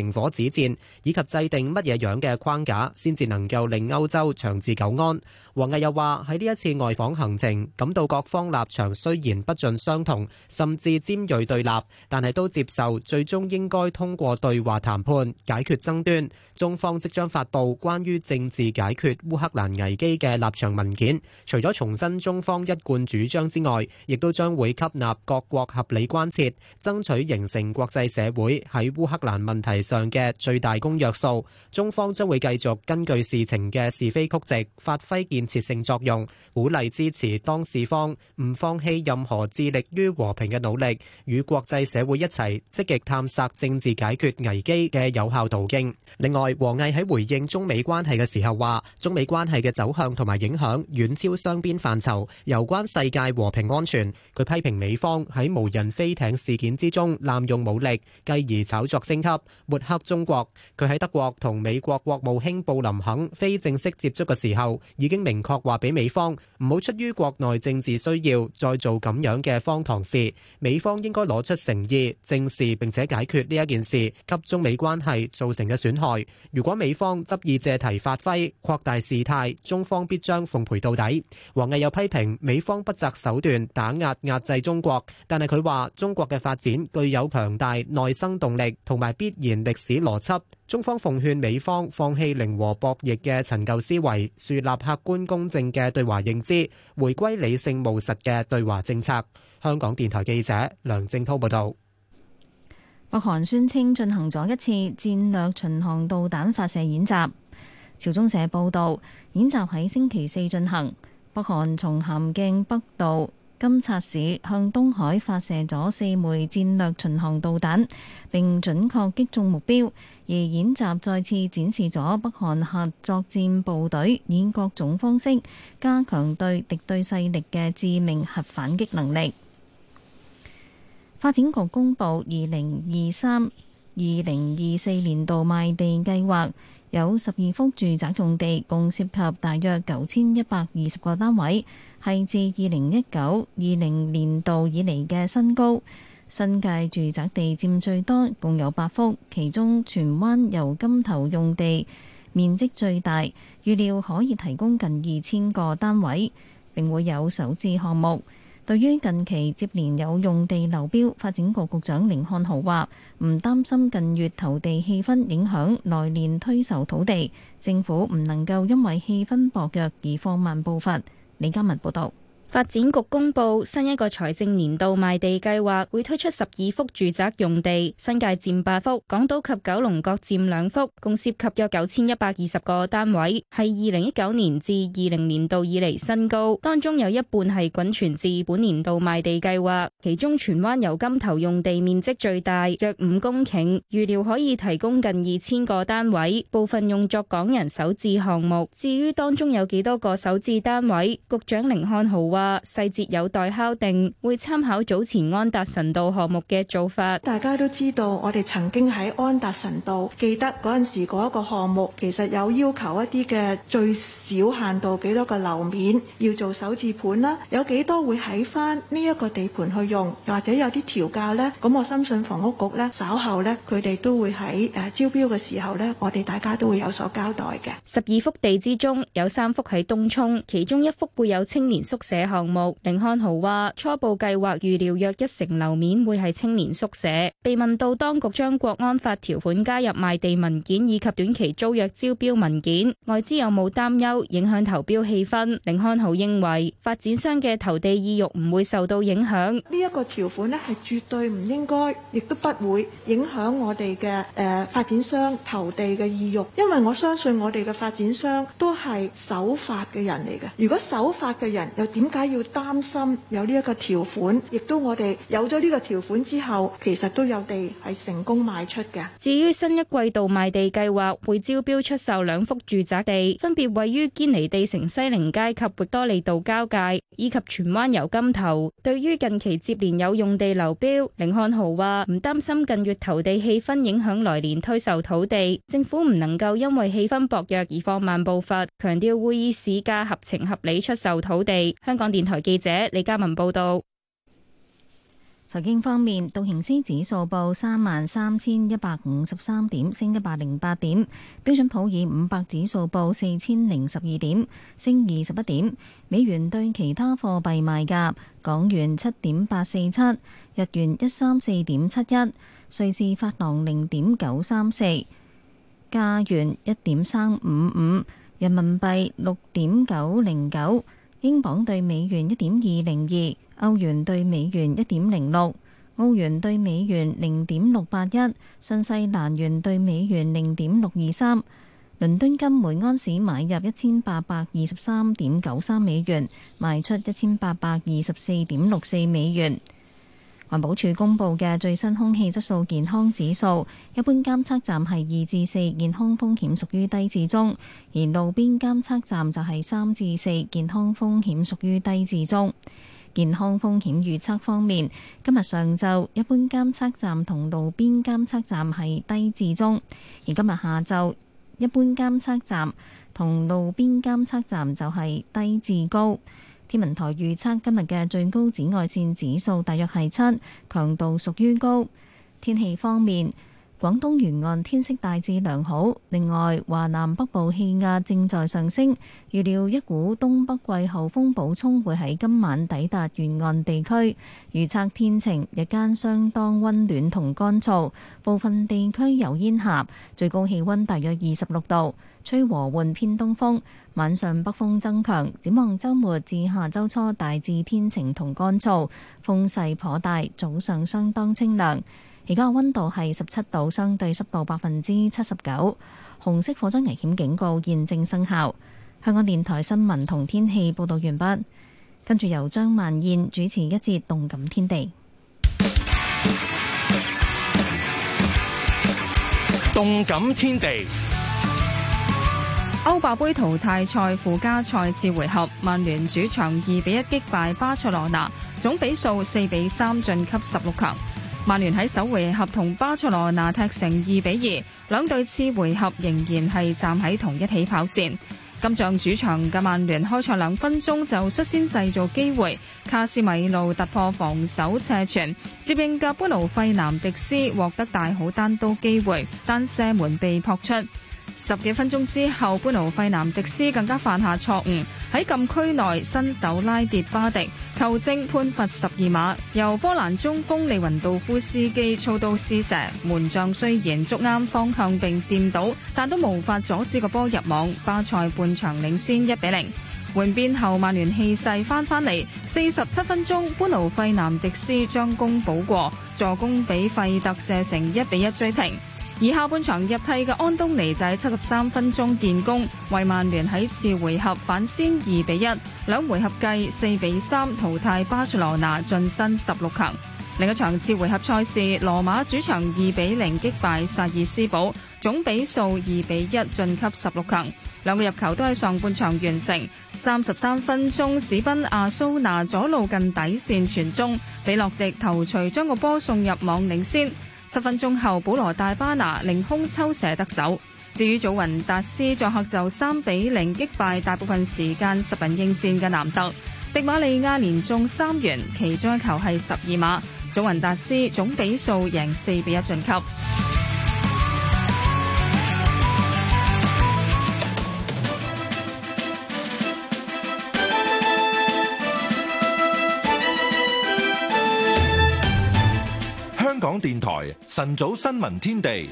停火止戰，以及制定乜嘢樣嘅框架，先至能夠令歐洲長治久安。王毅又話：喺呢一次外訪行程，感到各方立場雖然不盡相同，甚至尖鋭對立，但係都接受最終應該通過對話談判解決爭端。中方即將發布關於政治解決烏克蘭危機嘅立場文件，除咗重申中方一貫主張之外，亦都將會吸納各國合理關切，爭取形成國際社會喺烏克蘭問題上嘅最大公約數。中方將會繼續根據事情嘅是非曲直，發揮建設性作用，鼓勵支持當事方唔放棄任何致力於和平嘅努力，與國際社會一齊積極探索政治解決危機嘅有效途徑。另外，王毅喺回應中美關係嘅時候話，中美關係嘅走向同埋影響遠超雙邊範疇，攸關世界和平安全。佢批評美方喺無人飛艇事件之中濫用武力，繼而炒作升級，抹黑中國。佢喺德國同美國國務卿布林肯非正式接觸嘅時候，已經明。明確話俾美方唔好出於國內政治需要再做咁樣嘅荒唐事，美方應該攞出誠意正視並且解決呢一件事，給中美關係造成嘅損害。如果美方執意借題發揮擴大事態，中方必將奉陪到底。王毅又批評美方不擇手段打壓壓制中國，但係佢話中國嘅發展具有強大內生動力同埋必然歷史邏輯。中方奉勸美方放棄零和博弈嘅陳舊思維，樹立客觀公正嘅對華認知，回歸理性務實嘅對華政策。香港電台記者梁正滔報道，北韓宣稱進行咗一次戰略巡航導彈發射演習。朝中社報道，演習喺星期四進行。北韓從咸鏡北道金策市向東海發射咗四枚戰略巡航導彈，並準確擊中目標，而演習再次展示咗北韓核作戰部隊以各種方式加強對敵對勢力嘅致命核反擊能力。發展局公布二零二三二零二四年度賣地計劃，有十二幅住宅用地，共涉及大約九千一百二十個單位。係自二零一九、二零年度以嚟嘅新高，新界住宅地佔最多，共有八幅，其中荃灣油柑頭用地面積最大，預料可以提供近二千個單位，並會有首置項目。對於近期接連有用地流標，發展局局長甯漢豪話：唔擔心近月投地氣氛影響來年推售土地，政府唔能夠因為氣氛薄弱而放慢步伐。李嘉文報道。發展局公布新一個財政年度賣地計劃，會推出十二幅住宅用地，新界佔八幅，港島及九龍各佔兩幅，共涉及約九千一百二十個單位，係二零一九年至二零年度以嚟新高。當中有一半係滾存至本年度賣地計劃，其中荃灣油柑頭用地面積最大，約五公頃，預料可以提供近二千個單位，部分用作港人首置項目。至於當中有幾多個首置單位，局長甯漢豪話話細節有待敲定，會參考早前安達臣道項目嘅做法。大家都知道，我哋曾經喺安達臣道記得嗰陣時嗰一個項目，其實有要求一啲嘅最少限度幾多個樓面要做首置盤，啦，有幾多會喺翻呢一個地盤去用，或者有啲調教呢？咁我相信房屋局呢，稍後呢，佢哋都會喺誒招標嘅時候呢，我哋大家都會有所交代嘅。十二幅地之中有三幅喺東涌，其中一幅會有青年宿舍。項目，寧漢豪話初步計劃預料約一成樓面會係青年宿舍。被問到當局將國安法條款加入賣地文件以及短期租約招標文件，外資有冇擔憂影響投標氣氛？寧漢豪認為發展商嘅投地意欲唔會受到影響。呢一個條款呢係絕對唔應該，亦都不會影響我哋嘅誒發展商投地嘅意欲，因為我相信我哋嘅發展商都係守法嘅人嚟嘅。如果守法嘅人又點解？要擔心有呢一個條款，亦都我哋有咗呢個條款之後，其實都有地係成功賣出嘅。至於新一季度賣地計劃會招標出售兩幅住宅地，分別位於堅尼地城西寧街及域多利道交界，以及荃灣油金頭。對於近期接連有用地流標，甯漢豪話唔擔心近月投地氣氛影響來年推售土地，政府唔能夠因為氣氛薄弱而放慢步伐，強調會以市價合情合理出售土地。香港。電台記者李嘉文報道：財經方面，道瓊斯指數報三萬三千一百五十三點，升一百零八點；標準普爾五百指數報四千零十二點，升二十一點。美元對其他貨幣賣價：港元七點八四七，日元一三四點七一，瑞士法郎零點九三四，加元一點三五五，人民幣六點九零九。英鎊對美元一點二零二，歐元對美元一點零六，澳元對美元零點六八一，新西蘭元對美元零點六二三。倫敦金每安士買入一千八百二十三點九三美元，賣出一千八百二十四點六四美元。環保署公布嘅最新空氣質素健康指數，一般監測站係二至四，健康風險屬於低至中；而路邊監測站就係三至四，健康風險屬於低至中。健康風險預測方面，今日上晝一般監測站同路邊監測站係低至中；而今日下晝一般監測站同路邊監測站就係低至高。天文台預測今日嘅最高紫外線指數大約係七，強度屬於高。天氣方面，廣東沿岸天色大致良好。另外，華南北部氣壓正在上升，預料一股東北季候風補充會喺今晚抵達沿岸地區。預測天晴，日間相當温暖同乾燥，部分地區有煙霞。最高氣温大約二十六度，吹和緩偏東風。晚上北風增強，展望周末至下周初大致天晴同乾燥，風勢頗大，早上相當清涼。而家温度係十七度，相對濕度百分之七十九。紅色火災危險警告現正生效。香港電台新聞同天氣報道完畢，跟住由張曼燕主持一節《動感天地》。《動感天地》歐霸盃淘汰賽附加賽次回合，曼聯主場二比一擊敗巴塞羅那，總比數四比三晉級十六強。曼聯喺首回合同巴塞羅那踢成二比二，兩隊次回合仍然係站喺同一起跑線。今仗主場嘅曼聯開賽兩分鐘就率先製造機會，卡斯米路突破防守斜傳，接應嘅布魯奴費南迪斯獲得大好單刀機會，但射門被撲出。十幾分鐘之後，般奴費南迪斯更加犯下錯誤，喺禁區內伸手拉跌巴迪，球證判罰十二碼。由波蘭中鋒利雲道夫斯基操刀施射，門將雖然捉啱方向並掂到，但都無法阻止個波入網。巴塞半場領先一比零。換邊後，曼聯氣勢翻返嚟。四十七分鐘，般奴費南迪斯將功補過，助攻俾費特射成一比一追平。以下半場入替嘅安東尼就喺七十三分鐘建功，為曼聯喺次回合反先二比一，兩回合計四比三淘汰巴塞羅那，晉身十六強。另一場次回合賽事，羅馬主場二比零擊敗薩爾斯堡，總比數二比一晉級十六強。兩個入球都喺上半場完成，三十三分鐘史賓亞蘇拿左路近底線傳中，比洛迪頭槌將個波送入網，領先。十分鐘後，保羅大巴拿凌空抽射得手。至於祖雲達斯作客就三比零擊敗大部分時間十人應戰嘅南特，迪馬利亞連中三元，其中一球係十二碼。祖雲達斯總比數贏四比一晉級。電台晨早新聞天地，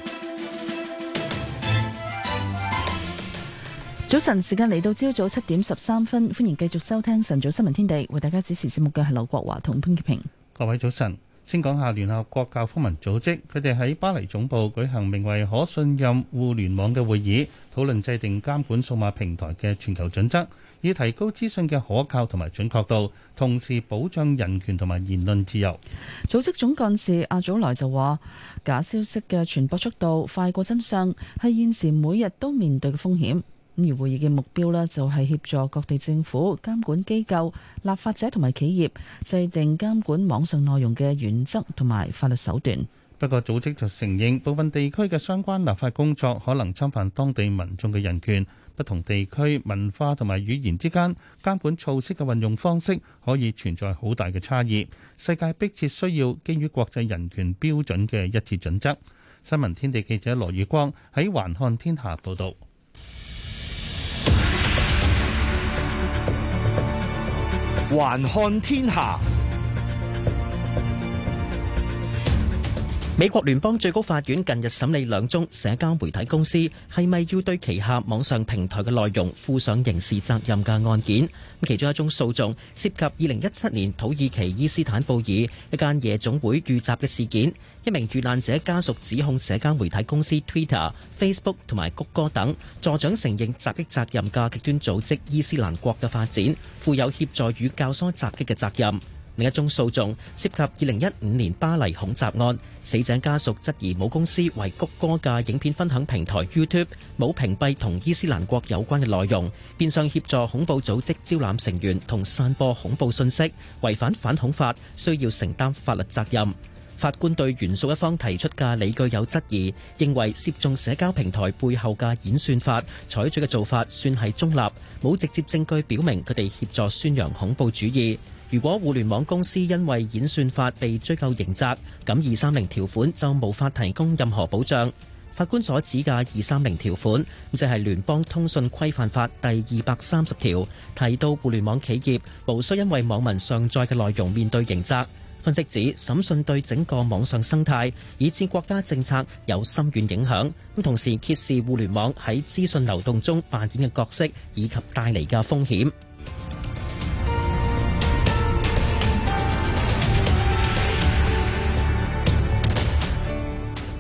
早晨時間嚟到，朝早七點十三分，歡迎繼續收聽晨早新聞天地，為大家主持節目嘅係劉國華同潘潔平。各位早晨，先講下聯合國教科文組織，佢哋喺巴黎總部舉行名為可信任互聯網嘅會議，討論制定監管數碼平台嘅全球準則。以提高資訊嘅可靠同埋準確度，同時保障人權同埋言論自由。組織總幹事阿祖萊就話：假消息嘅傳播速度快過真相，係現時每日都面對嘅風險。咁而會議嘅目標呢，就係協助各地政府、監管機構、立法者同埋企業制定監管網上內容嘅原則同埋法律手段。不過，組織就承認部分地區嘅相關立法工作可能侵犯當地民眾嘅人權。不同地區文化同埋語言之間，監管措施嘅運用方式可以存在好大嘅差異。世界迫切需要基於國際人權標準嘅一致準則。新聞天地記者羅宇光喺環看天下報導。環看天下。報導美國聯邦最高法院近日審理兩宗社交媒體公司係咪要對旗下網上平台嘅內容負上刑事責任嘅案件。咁其中一宗訴訟涉及二零一七年土耳其伊斯坦布爾一間夜總會遇襲嘅事件，一名遇難者家屬指控社交媒體公司 Twitter、Facebook 同埋谷歌等助長承認襲擊責任嘅極端組織伊斯蘭國嘅發展，負有協助與教唆襲擊嘅責任。另一宗訴訟涉及二零一五年巴黎恐襲案，死者家屬質疑母公司為谷歌嘅影片分享平台 YouTube 冇屏蔽同伊斯蘭國有關嘅內容，變相協助恐怖組織招攬成員同散播恐怖信息，違反反恐法，需要承擔法律責任。法官對原訴一方提出嘅理據有質疑，認為涉眾社交平台背後嘅演算法採取嘅做法算係中立，冇直接證據表明佢哋協助宣揚恐怖主義。如果互聯網公司因為演算法被追究刑責，咁二三零條款就無法提供任何保障。法官所指嘅二三零條款，咁即係聯邦通訊規範法第二百三十條提到，互聯網企業無需因為網民上載嘅內容面對刑責，分析指審訊對整個網上生態以至國家政策有深遠影響，咁同時揭示互聯網喺資訊流動中扮演嘅角色以及帶嚟嘅風險。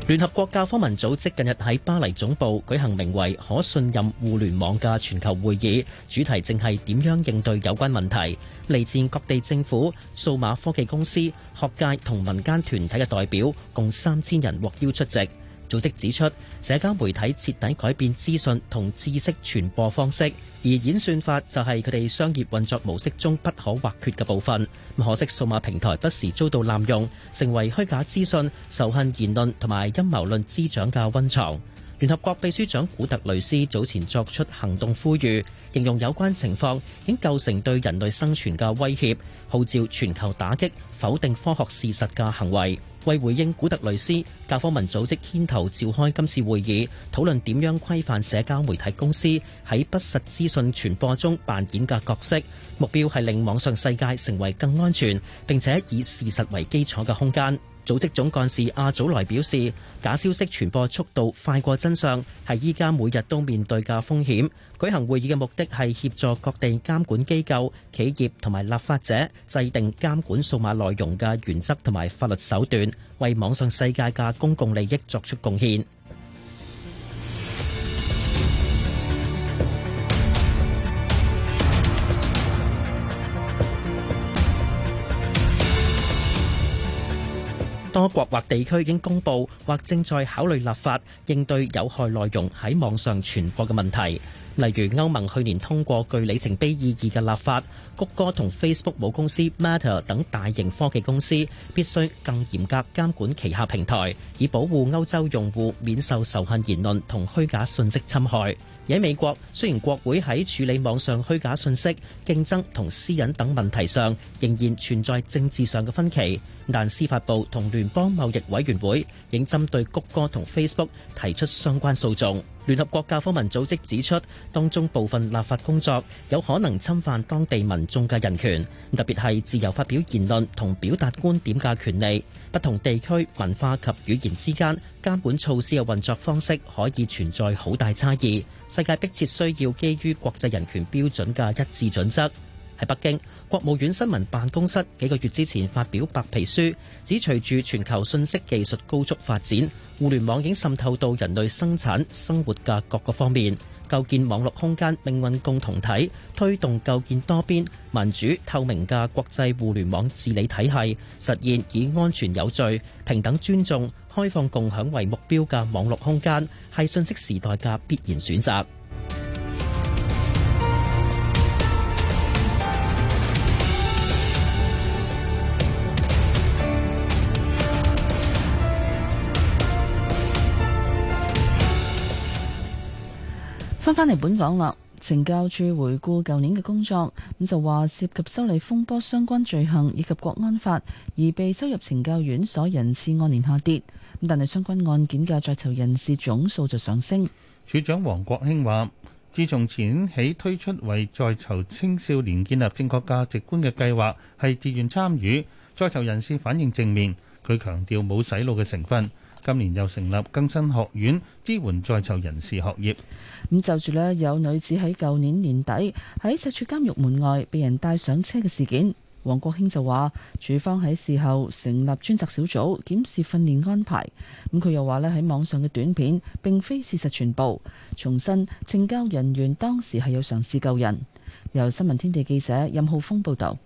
聯合國教科文組織近日喺巴黎總部舉行名為《可信任互聯網》嘅全球會議，主題正係點樣應對有關問題。嚟自各地政府、數碼科技公司、學界同民間團體嘅代表，共三千人獲邀出席。組織指出，社交媒體徹底改變資訊同知識傳播方式，而演算法就係佢哋商業運作模式中不可或缺嘅部分。可惜，數碼平台不時遭到濫用，成為虛假資訊、仇恨言論同埋陰謀論滋長嘅溫床。聯合國秘書長古特雷斯早前作出行動呼籲，形容有關情況已經構成對人類生存嘅威脅，號召全球打擊否定科學事實嘅行為。為回應古特雷斯，教科文組織牽頭召開今次會議，討論點樣規範社交媒體公司喺不實資訊傳播中扮演嘅角色。目標係令網上世界成為更安全，並且以事實為基礎嘅空間。組織總幹事阿祖萊表示，假消息傳播速度快過真相，係依家每日都面對嘅風險。舉行會議嘅目的係協助各地監管機構、企業同埋立法者制定監管數碼內容嘅原則同埋法律手段，為網上世界嘅公共利益作出貢獻。多國或地區已經公佈，或正在考慮立法，應對有害內容喺網上傳播嘅問題。例如歐盟去年通過具里程碑意義嘅立法。谷歌同 Facebook 母公司 Meta 等大型科技公司必須更嚴格監管旗下平台，以保護歐洲用戶免受仇恨言論同虛假信息侵害。而喺美國，雖然國會喺處理網上虛假信息、競爭同私隱等問題上仍然存在政治上嘅分歧，但司法部同聯邦貿易委員會已針對谷歌同 Facebook 提出相關訴訟。聯合國教科文組織指出，當中部分立法工作有可能侵犯當地民意。中介人權，特別係自由發表言論同表達觀點嘅權利。不同地區文化及語言之間監管措施嘅運作方式可以存在好大差異，世界迫切需要基於國際人權標準嘅一致準則。喺北京，國務院新聞辦公室幾個月之前發表白皮書，指隨住全球信息技術高速發展，互聯網已經滲透到人類生產生活嘅各個方面，構建網絡空間命運共同體，推動構建多邊、民主、透明嘅國際互聯網治理體系，實現以安全有序、平等尊重、開放共享為目標嘅網絡空間，係信息時代嘅必然選擇。翻返嚟本港啦，懲教署回顧舊年嘅工作，咁就話涉及修例風波相關罪行，以及國安法而被收入懲教院所人次按年下跌，咁但係相關案件嘅在囚人士總數就上升。署長黃國興話，自從前起推出為在囚青少年建立正確價值觀嘅計劃，係自願參與，在囚人士反映正面。佢強調冇洗腦嘅成分。今年又成立更新學院，支援在囚人士學業。咁就住咧，有女子喺舊年年底喺赤柱監獄門外被人帶上車嘅事件，黃國興就話，署方喺事後成立專責小組檢視訓練安排。咁佢又話咧喺網上嘅短片，並非事實全部。重申，懲教人員當時係有嘗試救人。由新聞天地記者任浩峰報道。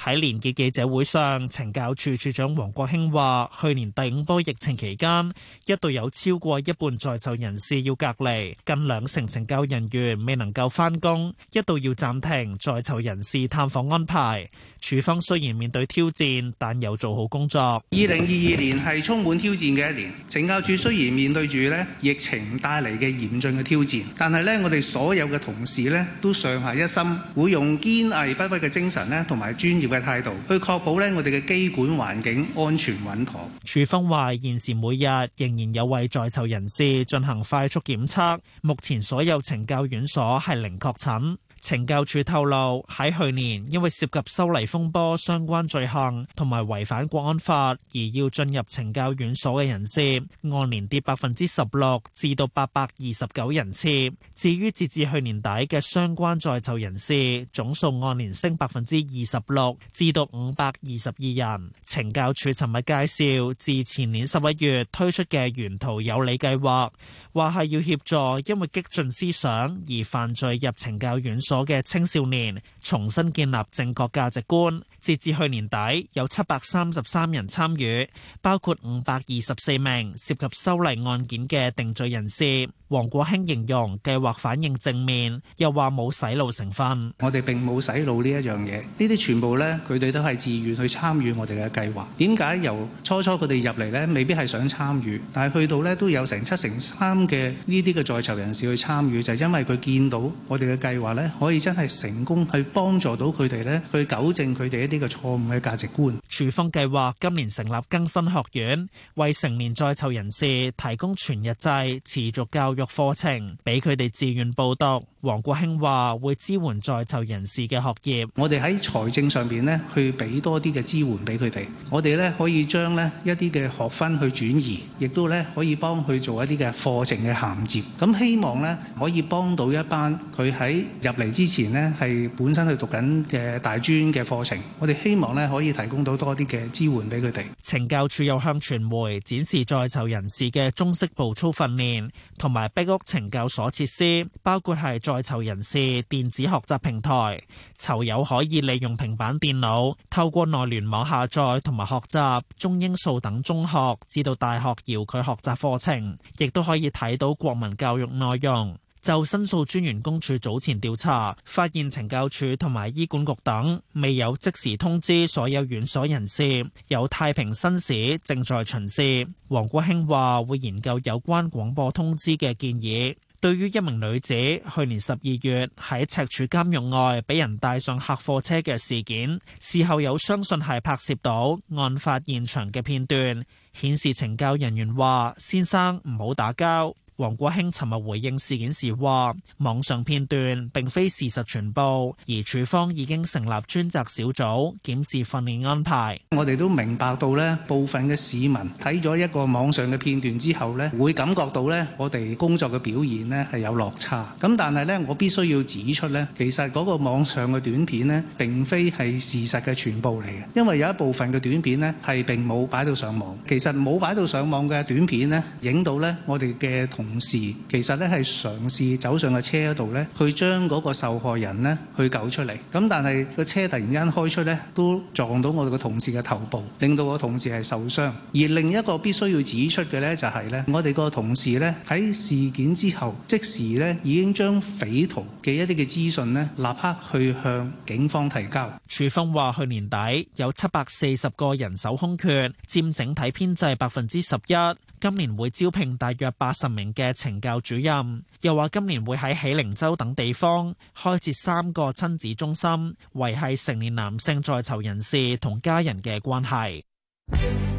喺年結記者會上，懲教處處長黃國興話，去年第五波疫情期間，一度有超過一半在囚人士要隔離，近兩成懲教人員未能夠返工，一度要暫停在囚人士探訪安排。處方雖然面對挑戰，但有做好工作。二零二二年係充滿挑戰嘅一年，懲教署雖然面對住咧疫情帶嚟嘅嚴峻嘅挑戰，但係咧我哋所有嘅同事咧都上下一心，會用堅毅不屈嘅精神咧同埋專業嘅態度去確保咧，我哋嘅羈管環境安全穩妥。署方話，現時每日仍然有為在囚人士進行快速檢測，目前所有懲教院所係零確診。懲教署透露，喺去年因為涉及修例風波相關罪行同埋違反國安法而要進入懲教院所嘅人士，按年跌百分之十六，至到八百二十九人次。至於截至去年底嘅相關在囚人士，總數按年升百分之二十六，至到五百二十二人。懲教署尋日介紹，自前年十一月推出嘅沿途有你計劃，話係要協助因為激進思想而犯罪入懲教院所。嘅青少年重新建立正確價值觀，截至去年底，有七百三十三人參與，包括五百二十四名涉及修例案件嘅定罪人士。黃國興形容計劃反應正面，又話冇洗腦成分。我哋並冇洗腦呢一樣嘢，呢啲全部呢，佢哋都係自願去參與我哋嘅計劃。點解由初初佢哋入嚟，呢，未必係想參與，但係去到呢，都有成七成三嘅呢啲嘅在囚人士去參與，就係因為佢見到我哋嘅計劃呢，可以真係成功去幫助到佢哋呢，去糾正佢哋一啲嘅錯誤嘅價值觀。署方計劃今年成立更新學院，為成年在囚人士提供全日制持續教育。育課程俾佢哋自願報讀。黃國興話：會支援在囚人士嘅學業，我哋喺財政上邊咧，去俾多啲嘅支援俾佢哋。我哋咧可以將咧一啲嘅學分去轉移，亦都咧可以幫佢做一啲嘅課程嘅銜接。咁希望咧可以幫到一班佢喺入嚟之前咧係本身去讀緊嘅大專嘅課程。我哋希望咧可以提供到多啲嘅支援俾佢哋。懲教署又向傳媒展示在囚人士嘅中式步操訓練同埋壁屋懲教所設施，包括係在在囚人士，電子學習平台，囚友可以利用平板電腦，透過內聯網下載同埋學習中英數等中學至到大學遙距學習課程，亦都可以睇到國民教育內容。就申訴專員公署早前調查，發現懲教處同埋醫管局等未有即時通知所有院所人士，有太平紳士正在巡視。黃國興話會研究有關廣播通知嘅建議。對於一名女子去年十二月喺赤柱監獄外俾人帶上客貨車嘅事件，事後有相信係拍攝到案發現場嘅片段，顯示懲教人員話：先生唔好打交。黃國興尋日回應事件時話：網上片段並非事實全部，而處方已經成立專責小組檢視訓練安排。我哋都明白到呢，部分嘅市民睇咗一個網上嘅片段之後呢，會感覺到呢，我哋工作嘅表現呢係有落差。咁但係呢，我必須要指出呢，其實嗰個網上嘅短片呢，並非係事實嘅全部嚟嘅，因為有一部分嘅短片呢，係並冇擺到上網。其實冇擺到上網嘅短片呢，影到呢我哋嘅同同事其實咧係嘗試走上個車嗰度咧，去將嗰個受害人咧去救出嚟。咁但係個車突然間開出咧，都撞到我哋個同事嘅頭部，令到個同事係受傷。而另一個必須要指出嘅咧，就係咧，我哋個同事咧喺事件之後即時咧已經將匪徒嘅一啲嘅資訊咧，立刻去向警方提交。徐鳳話，去年底有七百四十個人手空缺，佔整體編制百分之十一。今年會招聘大約八十名嘅懲教主任，又話今年會喺喜靈洲等地方開設三個親子中心，維繫成年男性在囚人士同家人嘅關係。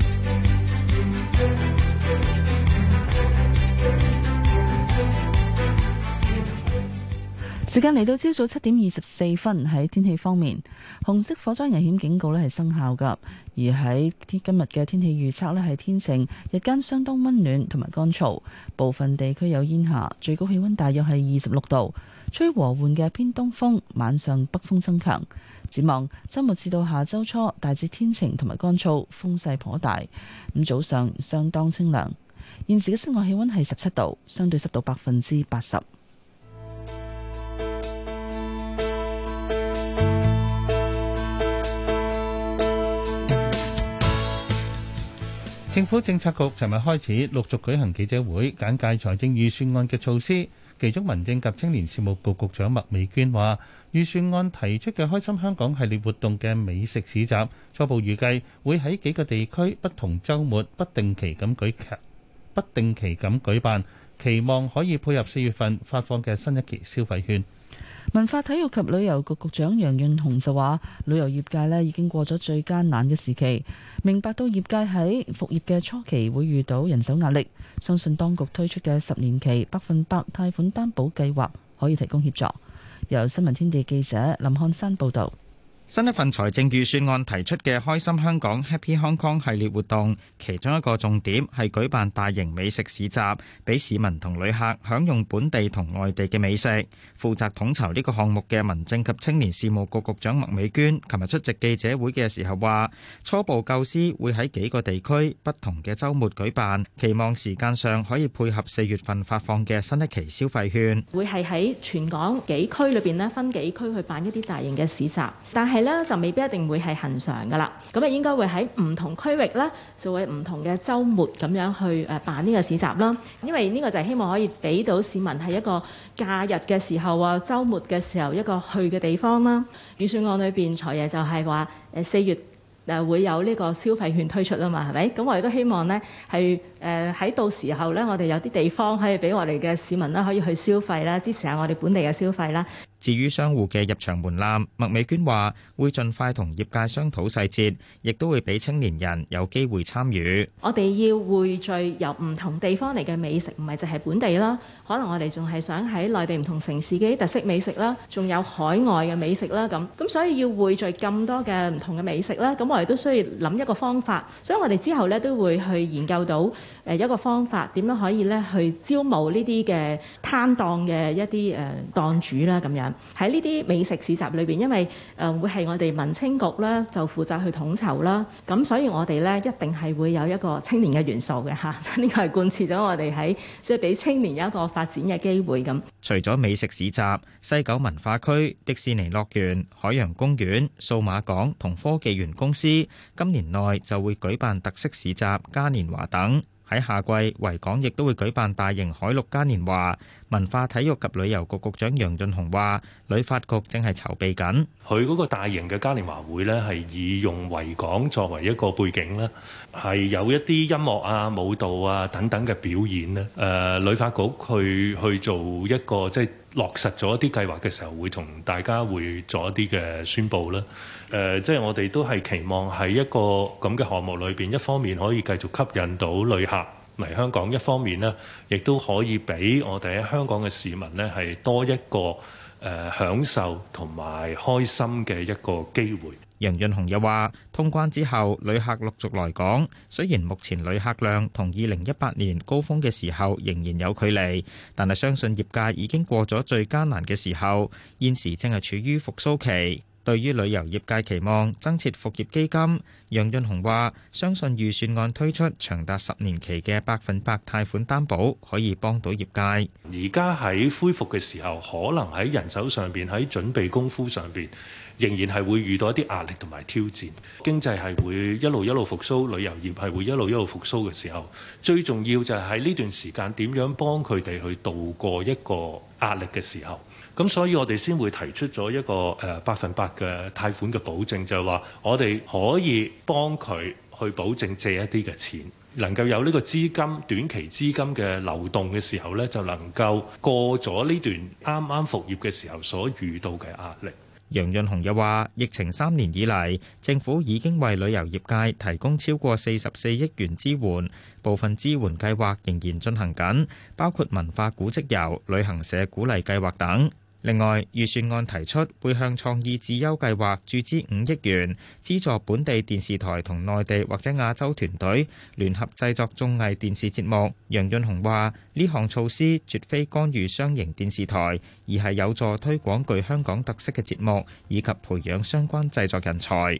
時間嚟到朝早七點二十四分，喺天氣方面，紅色火災危險警告咧係生效噶而喺天今日嘅天氣預測呢係天晴，日間相當溫暖同埋乾燥，部分地區有煙霞，最高氣溫大約係二十六度，吹和緩嘅偏東風，晚上北風增強。展望周末至到下周初，大致天晴同埋乾燥，風勢頗大。咁早上相當清涼，現時嘅室外氣溫係十七度，相對濕度百分之八十。政府政策局尋日開始陸續舉行記者會，簡介財政預算案嘅措施。其中民政及青年事務局局長麥美娟話，預算案提出嘅開心香港系列活動嘅美食市集，初步預計會喺幾個地區不同週末不定期咁舉劇，不定期咁舉辦，期望可以配合四月份發放嘅新一期消費券。文化體育及旅遊局局長楊潤雄就話：旅遊業界咧已經過咗最艱難嘅時期，明白到業界喺復業嘅初期會遇到人手壓力，相信當局推出嘅十年期百分百貸款擔保計劃可以提供協助。由新聞天地記者林漢山報導。新一份財政預算案提出嘅開心香港 Happy Hong Kong 系列活動，其中一個重點係舉辦大型美食市集，俾市民同旅客享用本地同外地嘅美食。負責統籌呢個項目嘅民政及青年事務局局長麥美娟，琴日出席記者會嘅時候話：初步構思會喺幾個地區不同嘅週末舉辦，期望時間上可以配合四月份發放嘅新一期消費券。會係喺全港幾區裏邊咧，分幾區去辦一啲大型嘅市集，但係，係啦，就未必一定會係恒常噶啦。咁 啊，應該會喺唔同區域啦，就會唔同嘅週末咁樣去誒辦呢個市集啦。因為呢個就係希望可以俾到市民係一個假日嘅時候啊，週末嘅時候一個去嘅地方啦。預算案裏邊，財爺就係話誒四月誒會有呢個消費券推出啊嘛，係咪？咁我亦都希望咧係誒喺到時候咧，我哋有啲地方可以俾我哋嘅市民啦，可以去消費啦，支持下我哋本地嘅消費啦。至於商戶嘅入場門檻，麥美娟話會盡快同業界商討細節，亦都會俾青年人有機會參與。我哋要匯聚由唔同地方嚟嘅美食，唔係淨係本地啦，可能我哋仲係想喺內地唔同城市嘅啲特色美食啦，仲有海外嘅美食啦，咁咁所以要匯聚咁多嘅唔同嘅美食啦，咁我哋都需要諗一個方法，所以我哋之後呢都會去研究到誒一個方法，點樣可以呢去招募呢啲嘅攤檔嘅一啲誒檔主啦咁樣。喺呢啲美食市集裏邊，因為誒會係我哋民青局咧就負責去統籌啦。咁，所以我哋咧一定係會有一個青年嘅元素嘅嚇。呢個係貫徹咗我哋喺即係俾青年有一個發展嘅機會咁。除咗美食市集，西九文化區、迪士尼樂園、海洋公園、數碼港同科技園公司，今年內就會舉辦特色市集、嘉年華等。喺夏季，維港亦都會舉辦大型海陸嘉年華。文化體育及旅遊局局長楊潤雄話，旅發局正係籌備緊，佢嗰個大型嘅嘉年華會呢，係以用維港作為一個背景啦，係有一啲音樂啊、舞蹈啊等等嘅表演呢。誒，旅發局去去做一個即係落實咗一啲計劃嘅時候，會同大家會做一啲嘅宣佈啦。誒，即係、呃就是、我哋都係期望喺一個咁嘅項目裏邊，一方面可以繼續吸引到旅客嚟香港，一方面呢亦都可以俾我哋喺香港嘅市民呢係多一個誒、呃、享受同埋開心嘅一個機會。楊潤雄又話，通關之後，旅客陸續來港，雖然目前旅客量同二零一八年高峰嘅時候仍然有距離，但係相信業界已經過咗最艱難嘅時候，現時正係處於復甦期。對於旅遊業界期望增設復業基金，楊潤雄話：相信預算案推出長達十年期嘅百分百貸款擔保，可以幫到業界。而家喺恢復嘅時候，可能喺人手上邊、喺準備功夫上邊，仍然係會遇到一啲壓力同埋挑戰。經濟係會一路一路復甦，旅遊業係會一路一路復甦嘅時候，最重要就係喺呢段時間點樣幫佢哋去度過一個壓力嘅時候。咁所以我哋先會提出咗一個誒百分百嘅貸款嘅保證，就係話，我哋可以幫佢去保證借一啲嘅錢，能夠有呢個資金短期資金嘅流動嘅時候咧，就能夠過咗呢段啱啱復業嘅時候所遇到嘅壓力。楊潤雄又話疫情三年以嚟，政府已經為旅遊業界提供超過四十四億元支援，部分支援計劃仍然進行緊，包括文化古蹟遊、旅行社鼓勵計劃等。另外，預算案提出會向創意智優計劃注資五億元，資助本地電視台同內地或者亞洲團隊聯合製作綜藝電視節目。楊潤雄話呢項措施絕非干預商營電視台，而係有助推廣具香港特色嘅節目，以及培養相關製作人才。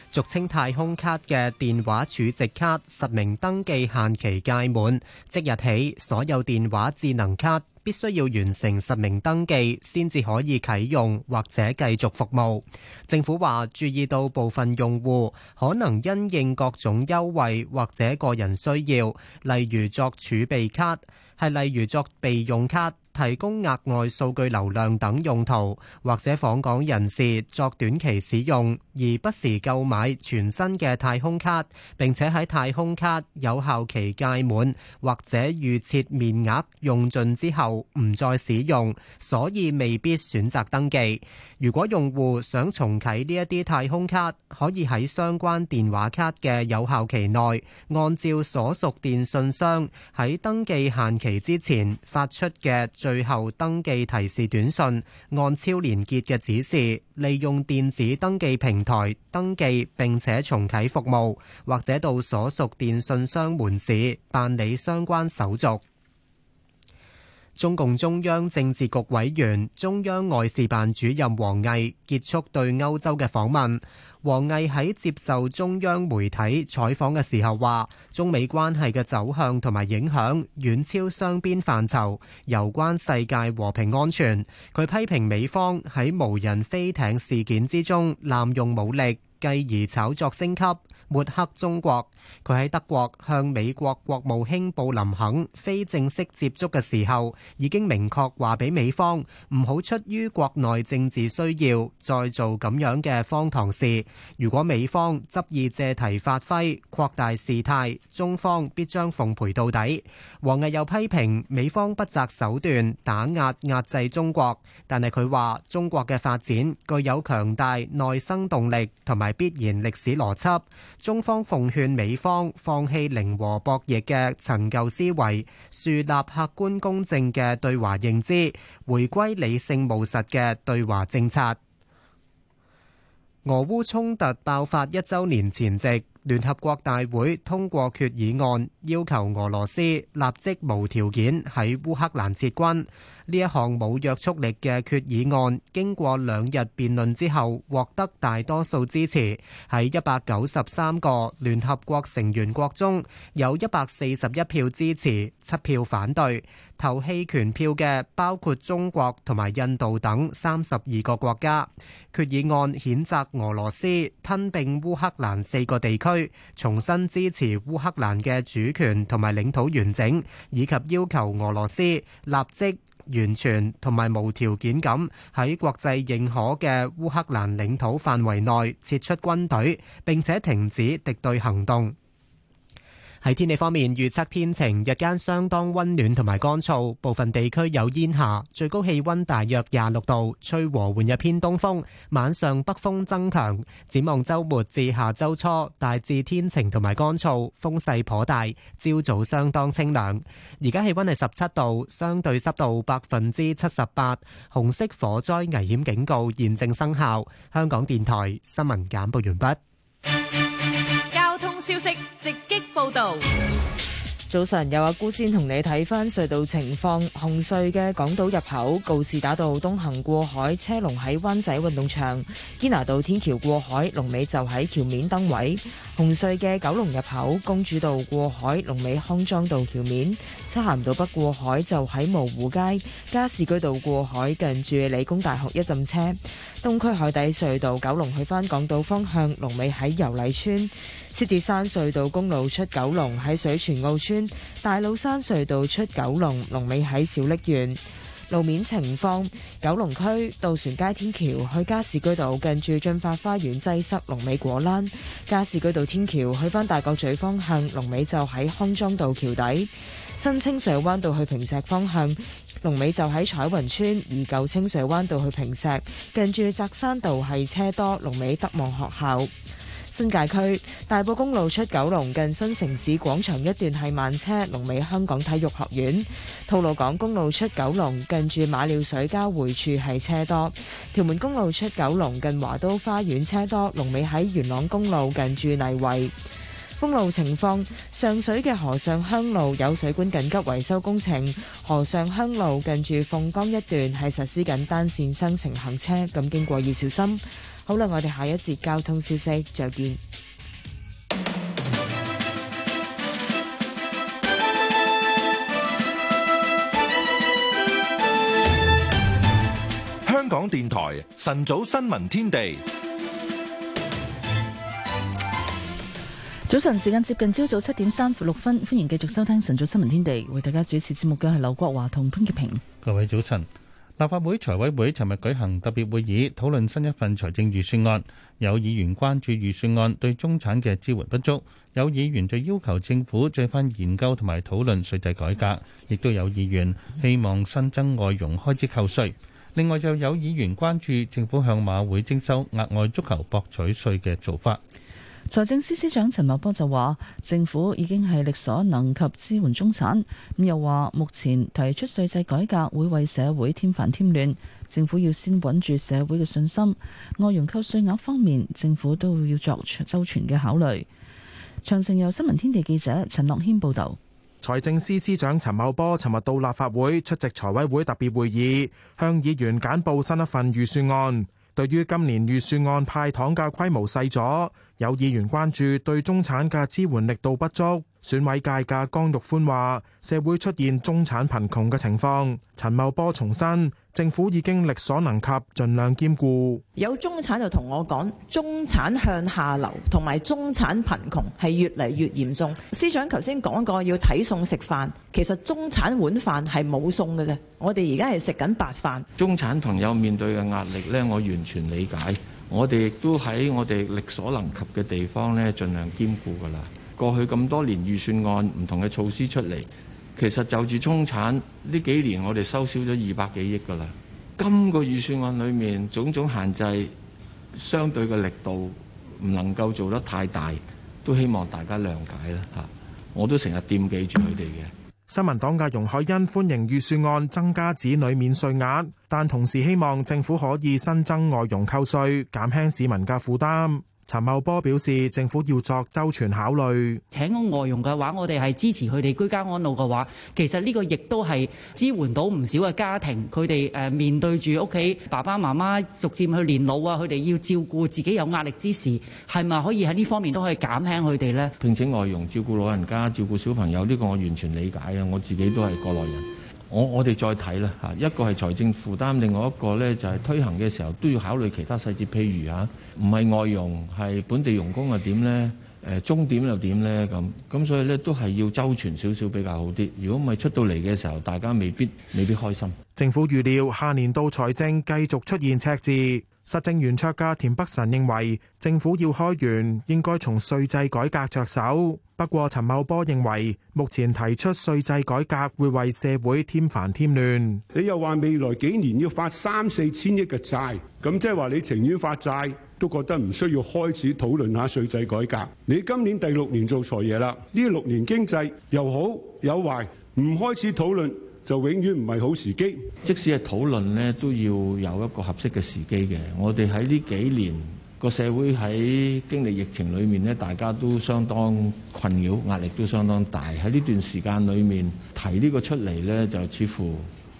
俗稱太空卡嘅電話儲值卡實名登記限期屆滿，即日起所有電話智能卡必須要完成實名登記先至可以啟用或者繼續服務。政府話注意到部分用戶可能因應各種優惠或者個人需要，例如作儲備卡，係例如作備用卡，提供額外數據流量等用途，或者訪港人士作短期使用。而不時購買全新嘅太空卡，並且喺太空卡有效期屆滿或者預設面額用盡之後唔再使用，所以未必選擇登記。如果用戶想重啟呢一啲太空卡，可以喺相關電話卡嘅有效期內，按照所屬電信商喺登記限期之前發出嘅最後登記提示短信，按超連結嘅指示，利用電子登記屏台登記並且重啟服務，或者到所屬電信商門市辦理相關手續。中共中央政治局委員、中央外事辦主任王毅結束對歐洲嘅訪問。王毅喺接受中央媒體採訪嘅時候話，中美關係嘅走向同埋影響遠超雙邊範疇，攸關世界和平安全。佢批評美方喺無人飛艇事件之中濫用武力。繼而炒作升級，抹黑中國。佢喺德國向美國國務卿布林肯非正式接觸嘅時候，已經明確話俾美方唔好出於國內政治需要再做咁樣嘅荒唐事。如果美方執意借題發揮，擴大事態，中方必將奉陪到底。王毅又批評美方不擇手段打壓壓制中國，但係佢話中國嘅發展具有強大內生動力同埋。必然歷史邏輯，中方奉勸美方放棄零和博弈嘅陳舊思維，樹立客觀公正嘅對華認知，回歸理性務實嘅對華政策。俄烏衝突爆發一周年前夕，聯合國大會通過決議案，要求俄羅斯立即無條件喺烏克蘭撤軍。呢一項冇約束力嘅決議案，經過兩日辯論之後，獲得大多數支持。喺一百九十三個聯合國成員國中，有一百四十一票支持，七票反對，投棄權票嘅包括中國同埋印度等三十二個國家。決議案譴責俄羅斯吞併烏克蘭四個地區，重新支持烏克蘭嘅主權同埋領土完整，以及要求俄羅斯立即完全同埋無條件咁喺國際認可嘅烏克蘭領土範圍內撤出軍隊，並且停止敵對行動。喺天氣方面，預測天晴，日間相當温暖同埋乾燥，部分地區有煙霞，最高氣温大約廿六度，吹和緩日偏東風，晚上北風增強。展望周末至下周初，大致天晴同埋乾燥，風勢頗大，朝早相當清涼。而家氣温係十七度，相對濕度百分之七十八，紅色火災危險警告現正生效。香港電台新聞簡報完畢。消息直擊報道。早晨，有阿姑先同你睇翻隧道情況。紅隧嘅港島入口告士打道東行過海，車龍喺灣仔運動場堅拿道天橋過海，龍尾就喺橋面燈位。紅隧嘅九龍入口公主道過海，龍尾康莊道橋面。漆咸道北過海就喺蕪湖街加士居道過海，近住理工大學一浸車。東區海底隧道九龍去返港島方向，龍尾喺油麗邨。獅子山隧道公路出九龍喺水泉澳村，大老山隧道出九龍龍尾喺小瀝源。路面情況：九龍區渡船街天橋去加士居道近住駿發花園擠塞龍，龍尾果欄；加士居道天橋去返大角咀方向，龍尾就喺康莊道橋底；新清水灣道去坪石方向，龍尾就喺彩雲村；而舊清水灣道去坪石近住扎山道係車多，龍尾德望學校。新界區大埔公路出九龍近新城市廣場一段係慢車，龍尾香港體育學院；吐露港公路出九龍近住馬料水交匯處係車多；屯門公路出九龍近華都花園車多，龍尾喺元朗公路近住泥圍。公路情況：上水嘅河上鄉路有水管緊急維修工程，河上鄉路近住鳳江一段係實施緊單線單線雙程行車，咁經過要小心。好啦，我哋下一節交通消息再見。香港電台晨早新聞天地，早晨時間接近朝早七點三十六分，歡迎繼續收聽晨早新聞天地，為大家主持節目嘅係劉國華同潘潔平。各位早晨。立法會財委會尋日舉行特別會議，討論新一份財政預算案。有議員關注預算案對中產嘅支援不足，有議員就要求政府再翻研究同埋討論稅制改革，亦都有議員希望新增外傭開支扣稅。另外就有議員關注政府向馬會徵收額外足球博彩稅嘅做法。財政司司長陳茂波就話：政府已經係力所能及支援中產。咁又話，目前提出稅制改革會為社會添煩添亂，政府要先穩住社會嘅信心。外傭扣稅額方面，政府都要作出周全嘅考慮。詳情由新聞天地記者陳諾謙報導。財政司司長陳茂波尋日到立法會出席財委會特別會議，向議員簡報新一份預算案。對於今年預算案派糖嘅規模細咗。有議員關注對中產嘅支援力度不足，選委界嘅江玉歡話：社會出現中產貧窮嘅情況。陳茂波重申，政府已經力所能及，盡量兼顧。有中產就同我講，中產向下流同埋中產貧窮係越嚟越嚴重。司長頭先講過要睇餸食飯，其實中產碗飯係冇餸嘅啫，我哋而家係食緊白飯。中產朋友面對嘅壓力呢，我完全理解。我哋亦都喺我哋力所能及嘅地方呢，盡量兼顧噶啦。過去咁多年預算案唔同嘅措施出嚟，其實就住中產呢幾年，我哋收少咗二百幾億噶啦。今個預算案裏面種種限制，相對嘅力度唔能夠做得太大，都希望大家諒解啦吓，我都成日惦記住佢哋嘅。新民黨嘅容海恩歡迎預算案增加子女免稅額，但同時希望政府可以新增外佣扣稅，減輕市民嘅負擔。陳茂波表示，政府要作周全考慮，請外傭嘅話，我哋係支持佢哋居家安老嘅話，其實呢個亦都係支援到唔少嘅家庭，佢哋誒面對住屋企爸爸媽媽逐漸去年老啊，佢哋要照顧自己有壓力之時，係咪可以喺呢方面都可以減輕佢哋呢？聘請外傭照顧老人家、照顧小朋友呢、這個，我完全理解啊！我自己都係過來人。我我哋再睇啦嚇，一個係財政負擔，另外一個呢就係推行嘅時候都要考慮其他細節，譬如嚇，唔係外傭係本地傭工又點呢？誒，終點又點呢？咁咁所以呢都係要周全少少比較好啲。如果唔係出到嚟嘅時候，大家未必未必開心。政府預料下年度財政繼續出現赤字。實政圓桌嘅田北辰認為政府要開源，應該從稅制改革着手。不過陳茂波認為目前提出稅制改革會為社會添煩添亂。你又話未來幾年要發三四千億嘅債，咁即係話你情願發債，都覺得唔需要開始討論下稅制改革。你今年第六年做財爺啦，呢六年經濟又好有壞，唔開始討論。就永遠唔係好時機。即使係討論呢，都要有一個合適嘅時機嘅。我哋喺呢幾年個社會喺經歷疫情裏面呢，大家都相當困擾，壓力都相當大。喺呢段時間裏面提呢個出嚟呢，就似乎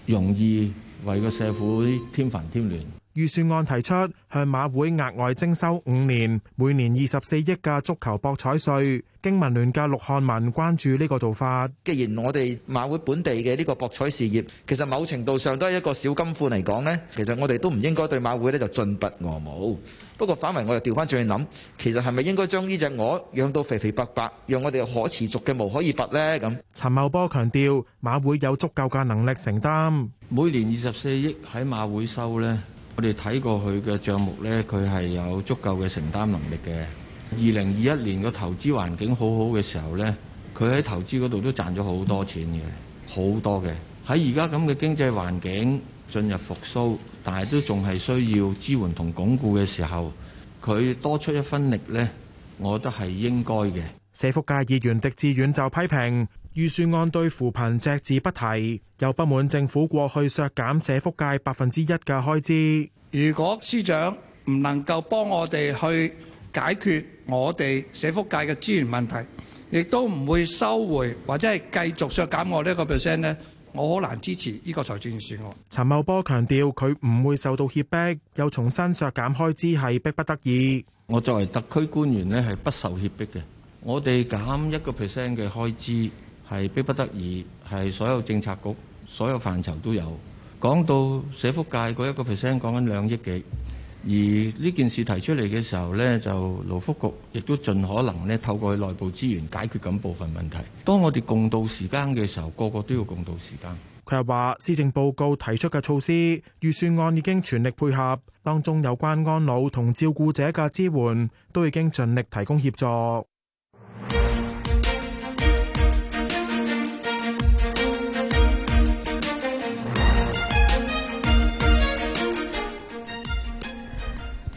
容易為個社會添煩添亂。預算案提出向馬會額外徵收五年每年二十四億嘅足球博彩稅，經民聯嘅陸瀚民關注呢個做法。既然我哋馬會本地嘅呢個博彩事業，其實某程度上都係一個小金庫嚟講呢，其實我哋都唔應該對馬會呢就盡拔鵝毛。不過反為我又調返轉去諗，其實係咪應該將呢隻鵝養到肥肥白白，讓我哋可持續嘅毛可以拔呢？咁陳茂波強調，馬會有足夠嘅能力承擔每年二十四億喺馬會收呢。我哋睇過佢嘅帳目呢，佢係有足夠嘅承擔能力嘅。二零二一年個投資環境好好嘅時候呢，佢喺投資嗰度都賺咗好多錢嘅，好多嘅。喺而家咁嘅經濟環境進入復甦，但係都仲係需要支援同鞏固嘅時候，佢多出一分力呢，我覺得係應該嘅。社福界議員狄志遠就批評。預算案對扶貧隻字不提，又不滿政府過去削減社福界百分之一嘅開支。如果司長唔能夠幫我哋去解決我哋社福界嘅資源問題，亦都唔會收回或者係繼續削減我呢個 percent 呢，我好難支持呢個財政預算案。陳茂波強調佢唔會受到脅迫，又重新削減開支係迫不得已。我作為特區官員呢，係不受脅迫嘅。我哋減一個 percent 嘅開支。係逼不得已，係所有政策局、所有範疇都有。講到社福界嗰一個 percent，講緊兩億幾。而呢件事提出嚟嘅時候呢，就勞福局亦都盡可能咧，透過佢內部資源解決緊部分問題。當我哋共度時間嘅時候，個個都要共度時間。佢又話：施政報告提出嘅措施，預算案已經全力配合，當中有關安老同照顧者嘅支援，都已經盡力提供協助。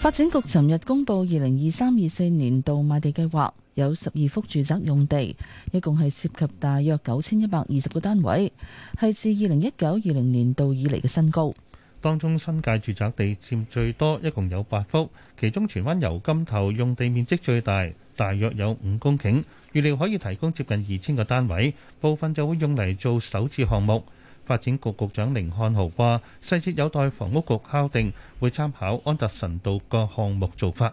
發展局尋日公佈二零二三二四年度賣地計劃，有十二幅住宅用地，一共係涉及大約九千一百二十個單位，係自二零一九二零年度以嚟嘅新高。當中新界住宅地佔最多，一共有八幅，其中荃灣油柑頭用地面積最大，大約有五公頃，預料可以提供接近二千個單位，部分就會用嚟做首置項目。發展局局長甯漢豪話：細節有待房屋局敲定，會參考安達臣道個項目做法。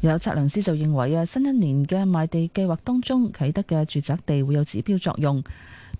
有測量師就認為啊，新一年嘅賣地計劃當中，啟德嘅住宅地會有指標作用，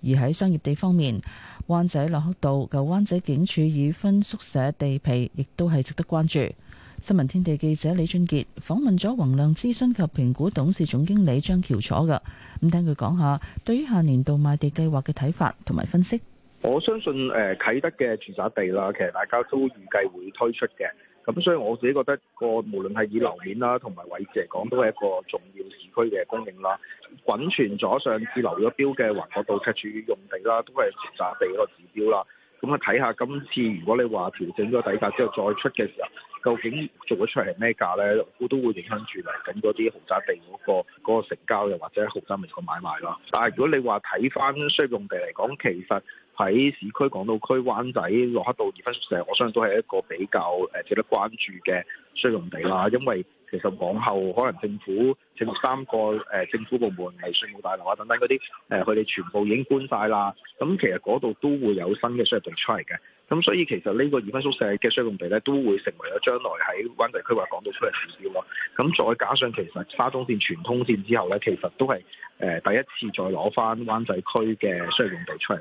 而喺商業地方面，灣仔駱克道舊灣仔警署已分宿舍地皮，亦都係值得關注。新聞天地記者李俊杰訪問咗宏亮諮詢及評估董事總經理張翹楚噶咁，聽佢講下對於下年度賣地計劃嘅睇法同埋分析。我相信誒、呃、啟德嘅住宅地啦，其實大家都預計會推出嘅。咁所以我自己覺得個無論係以樓面啦，同埋位置嚟講，都係一個重要市區嘅供應啦。滾存咗上次留咗標嘅環角道赤柱用地啦，都係住宅地嗰個指標啦。咁啊睇下今次如果你話調整咗底價之後再出嘅時候，究竟做咗出嚟咩價呢？都都會影響住嚟緊嗰啲豪宅地、嗰個嗰、嗰個成交，又或者豪宅嘅個買賣啦。但係如果你話睇翻需要用地嚟講，其實喺市區、港島區、灣仔、駱克道二分宿舍，我相信都係一個比較誒值得關注嘅商用地啦。因為其實往後可能政府剩三個誒政府部門，係稅務大樓啊、等等嗰啲誒，佢哋全部已經搬晒啦。咁其實嗰度都會有新嘅商業地出嚟嘅。咁所以其實呢個二分宿舍嘅商用地咧，都會成為咗將來喺灣仔區或港島區出嚟嘅設施咯。咁再加上其實沙中線全通線之後咧，其實都係誒第一次再攞翻灣仔區嘅商業用地出嚟。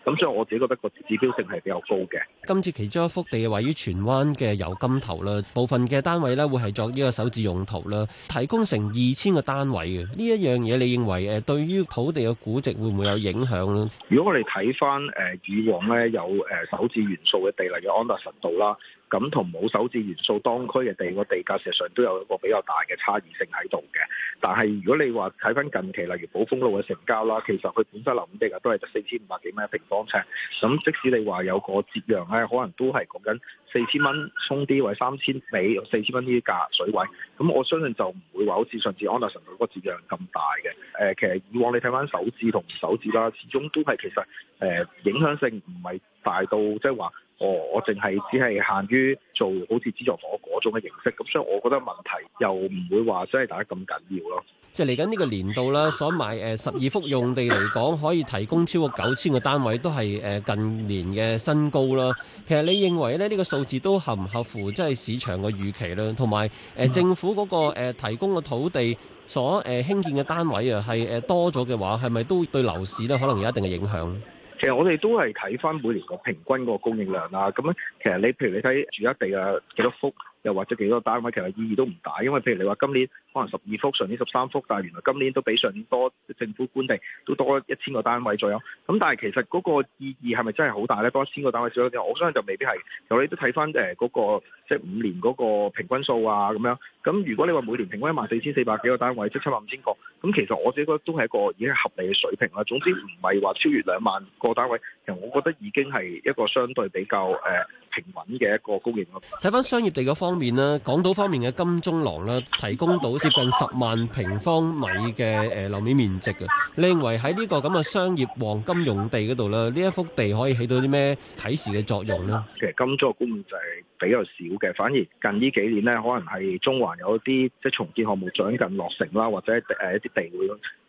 咁所以我自己覺得個指標性係比較高嘅。今次其中一幅地位於荃灣嘅油柑頭啦，部分嘅單位咧會係作呢個首置用途啦，提供成二千個單位嘅。呢一樣嘢你認為誒對於土地嘅估值會唔會有影響咧？如果我哋睇翻誒以往咧有誒首置元素嘅地，嚟嘅安達臣道啦，咁同冇首置元素當區嘅地，個地價事實上都有一個比較大嘅差異性喺度嘅。但係如果你話睇翻近期，例如寶豐路嘅成交啦，其實佢本身樓面地價都係四千五百幾蚊一平尺，咁、嗯、即使你話有個折讓咧，可能都係講緊四千蚊衝啲，或者三千尾四千蚊呢啲價水位，咁我相信就唔會話好似上次安達臣嗰個折讓咁大嘅。誒、呃，其實以往你睇返手指同手指啦，始終都係其實誒、呃、影響性唔係大到即係話。就是哦、我我淨係只係限於做好似資助房嗰種嘅形式，咁所以我覺得問題又唔會話真係大家咁緊要咯。即係嚟緊呢個年度啦，所賣誒十二幅用地嚟講，可以提供超過九千個單位，都係誒近年嘅新高啦。其實你認為咧，呢個數字都合唔合乎即係市場嘅預期啦？同埋誒政府嗰個提供嘅土地所誒興建嘅單位啊，係誒多咗嘅話，係咪都對樓市咧可能有一定嘅影響？其實我哋都係睇翻每年個平均個供應量啦，咁咧其實你譬如你睇住一地有幾多幅，又或者幾多個單位，其實意義都唔大，因為譬如你話今年可能十二幅，上年十三幅，但係原來今年都比上年多，政府官地都多一千個單位左右。咁但係其實嗰個意義係咪真係好大呢？多一千個單位少咗我相信就未必係。就你都睇翻誒嗰個即係五年嗰個平均數啊，咁樣。咁如果你話每年平均一萬四千四百幾個單位，即七萬五千個，咁其實我自己覺得都係一個已經係合理嘅水平啦。總之唔係話超越兩萬個單位，其實我覺得已經係一個相對比較誒。呃平穩嘅一個供應咯。睇翻商業地嗰方面咧，港島方面嘅金鐘廊咧，提供到接近十萬平方米嘅誒樓面面積嘅。你認為喺呢個咁嘅商業黃金用地嗰度咧，呢一幅地可以起到啲咩啟示嘅作用呢？其實金鐘嘅供應就係比較少嘅，反而近呢幾年呢，可能係中環有一啲即係重建項目將近落成啦，或者誒一啲地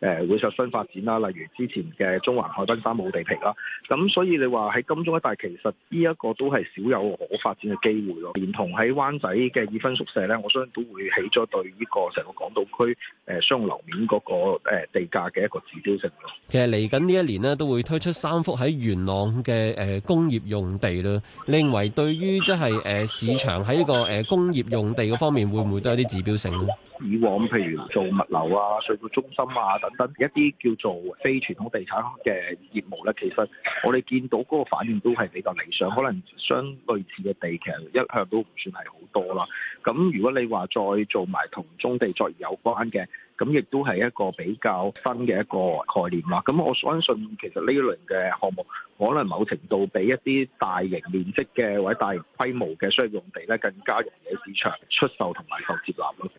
會誒會刷新發展啦，例如之前嘅中環海濱三號地皮啦。咁所以你話喺金鐘一帶，其實呢一個都係少。有可發展嘅機會咯，連同喺灣仔嘅二分宿舍呢，我相信都會起咗對呢個成個港島區誒商樓面嗰個地價嘅一個指標性咯。其實嚟緊呢一年呢，都會推出三幅喺元朗嘅誒工業用地咯。你認為對於即係誒市場喺呢個誒工業用地嗰方面，會唔會都有啲指標性呢？以往譬如做物流啊、數據中心啊等等一啲叫做非傳統地產嘅業務咧，其實我哋見到嗰個反應都係比較理想。可能相類似嘅地其實一向都唔算係好多啦。咁如果你話再做埋同棕地作業有關嘅，咁亦都係一個比較新嘅一個概念啦。咁我相信其實呢輪嘅項目可能某程度比一啲大型面積嘅或者大型規模嘅商業用地咧更加容易喺市場出售同埋受接納咯。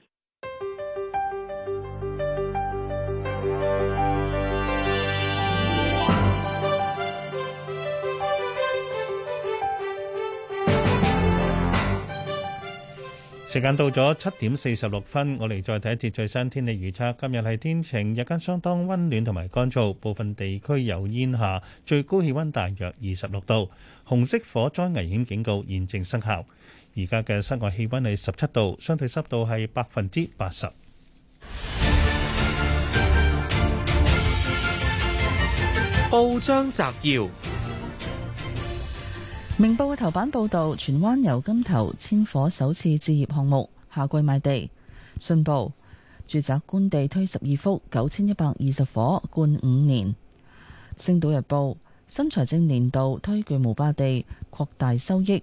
時間到咗七點四十六分，我哋再睇一次最新天氣預測。今日係天晴，日間相當溫暖同埋乾燥，部分地區有煙霞，最高氣溫大約二十六度。紅色火災危險警告現正生效。而家嘅室外氣溫係十七度，相對濕度係百分之八十。報章摘要。明報嘅頭版報道，荃灣油甘頭千伙首次置業項目下季賣地。信報，住宅官地推十二幅九千一百二十伙，冠五年。星島日報，新財政年度推巨無霸地，擴大收益。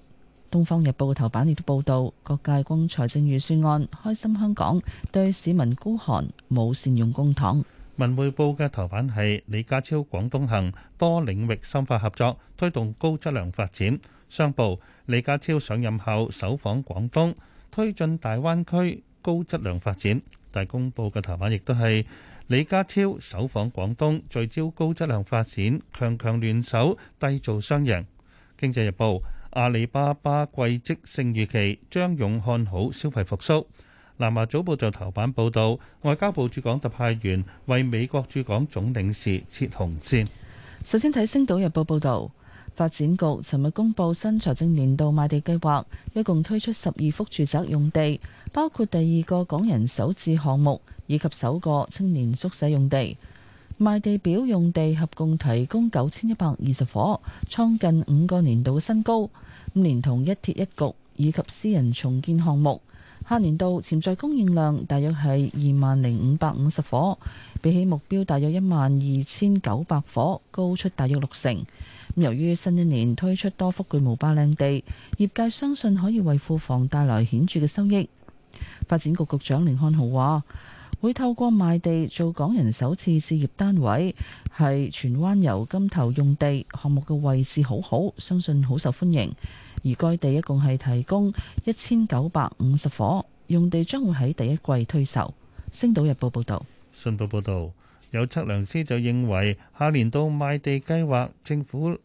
東方日報嘅頭版亦都報道，各界公財政預算案開心香港對市民孤寒，冇善用公帑。文匯報嘅頭版係李家超廣東行，多領域深化合作，推動高質量發展。商報李家超上任後首訪廣東，推進大灣區高質量發展。大公報嘅頭版亦都係李家超首訪廣東，聚焦高質量發展，強強聯手，締造雙贏。經濟日報阿里巴巴季績勝預期，張勇看好消費復蘇。南華早報就頭版報道，外交部駐港特派員為美國駐港總領事設紅線。首先睇《星島日報》報道，發展局尋日公布新財政年度賣地計劃，一共推出十二幅住宅用地，包括第二個港人首置項目以及首個青年宿舍用地。賣地表用地合共提供九千一百二十伙，創近五個年度新高。五連同一鐵一局以及私人重建項目。下年度潛在供應量大約係二萬零五百五十伙，比起目標大約一萬二千九百伙，高出大約六成。由於新一年推出多幅巨無霸靚地，業界相信可以為庫房帶來顯著嘅收益。發展局局長甯漢豪話，會透過賣地做港人首次置業單位，係荃灣油柑頭用地項目嘅位置好好，相信好受歡迎。而該地一共係提供一千九百五十伙，用地將會喺第一季推售。星島日報報導，信報報導有測量師就認為，下年度賣地計劃，政府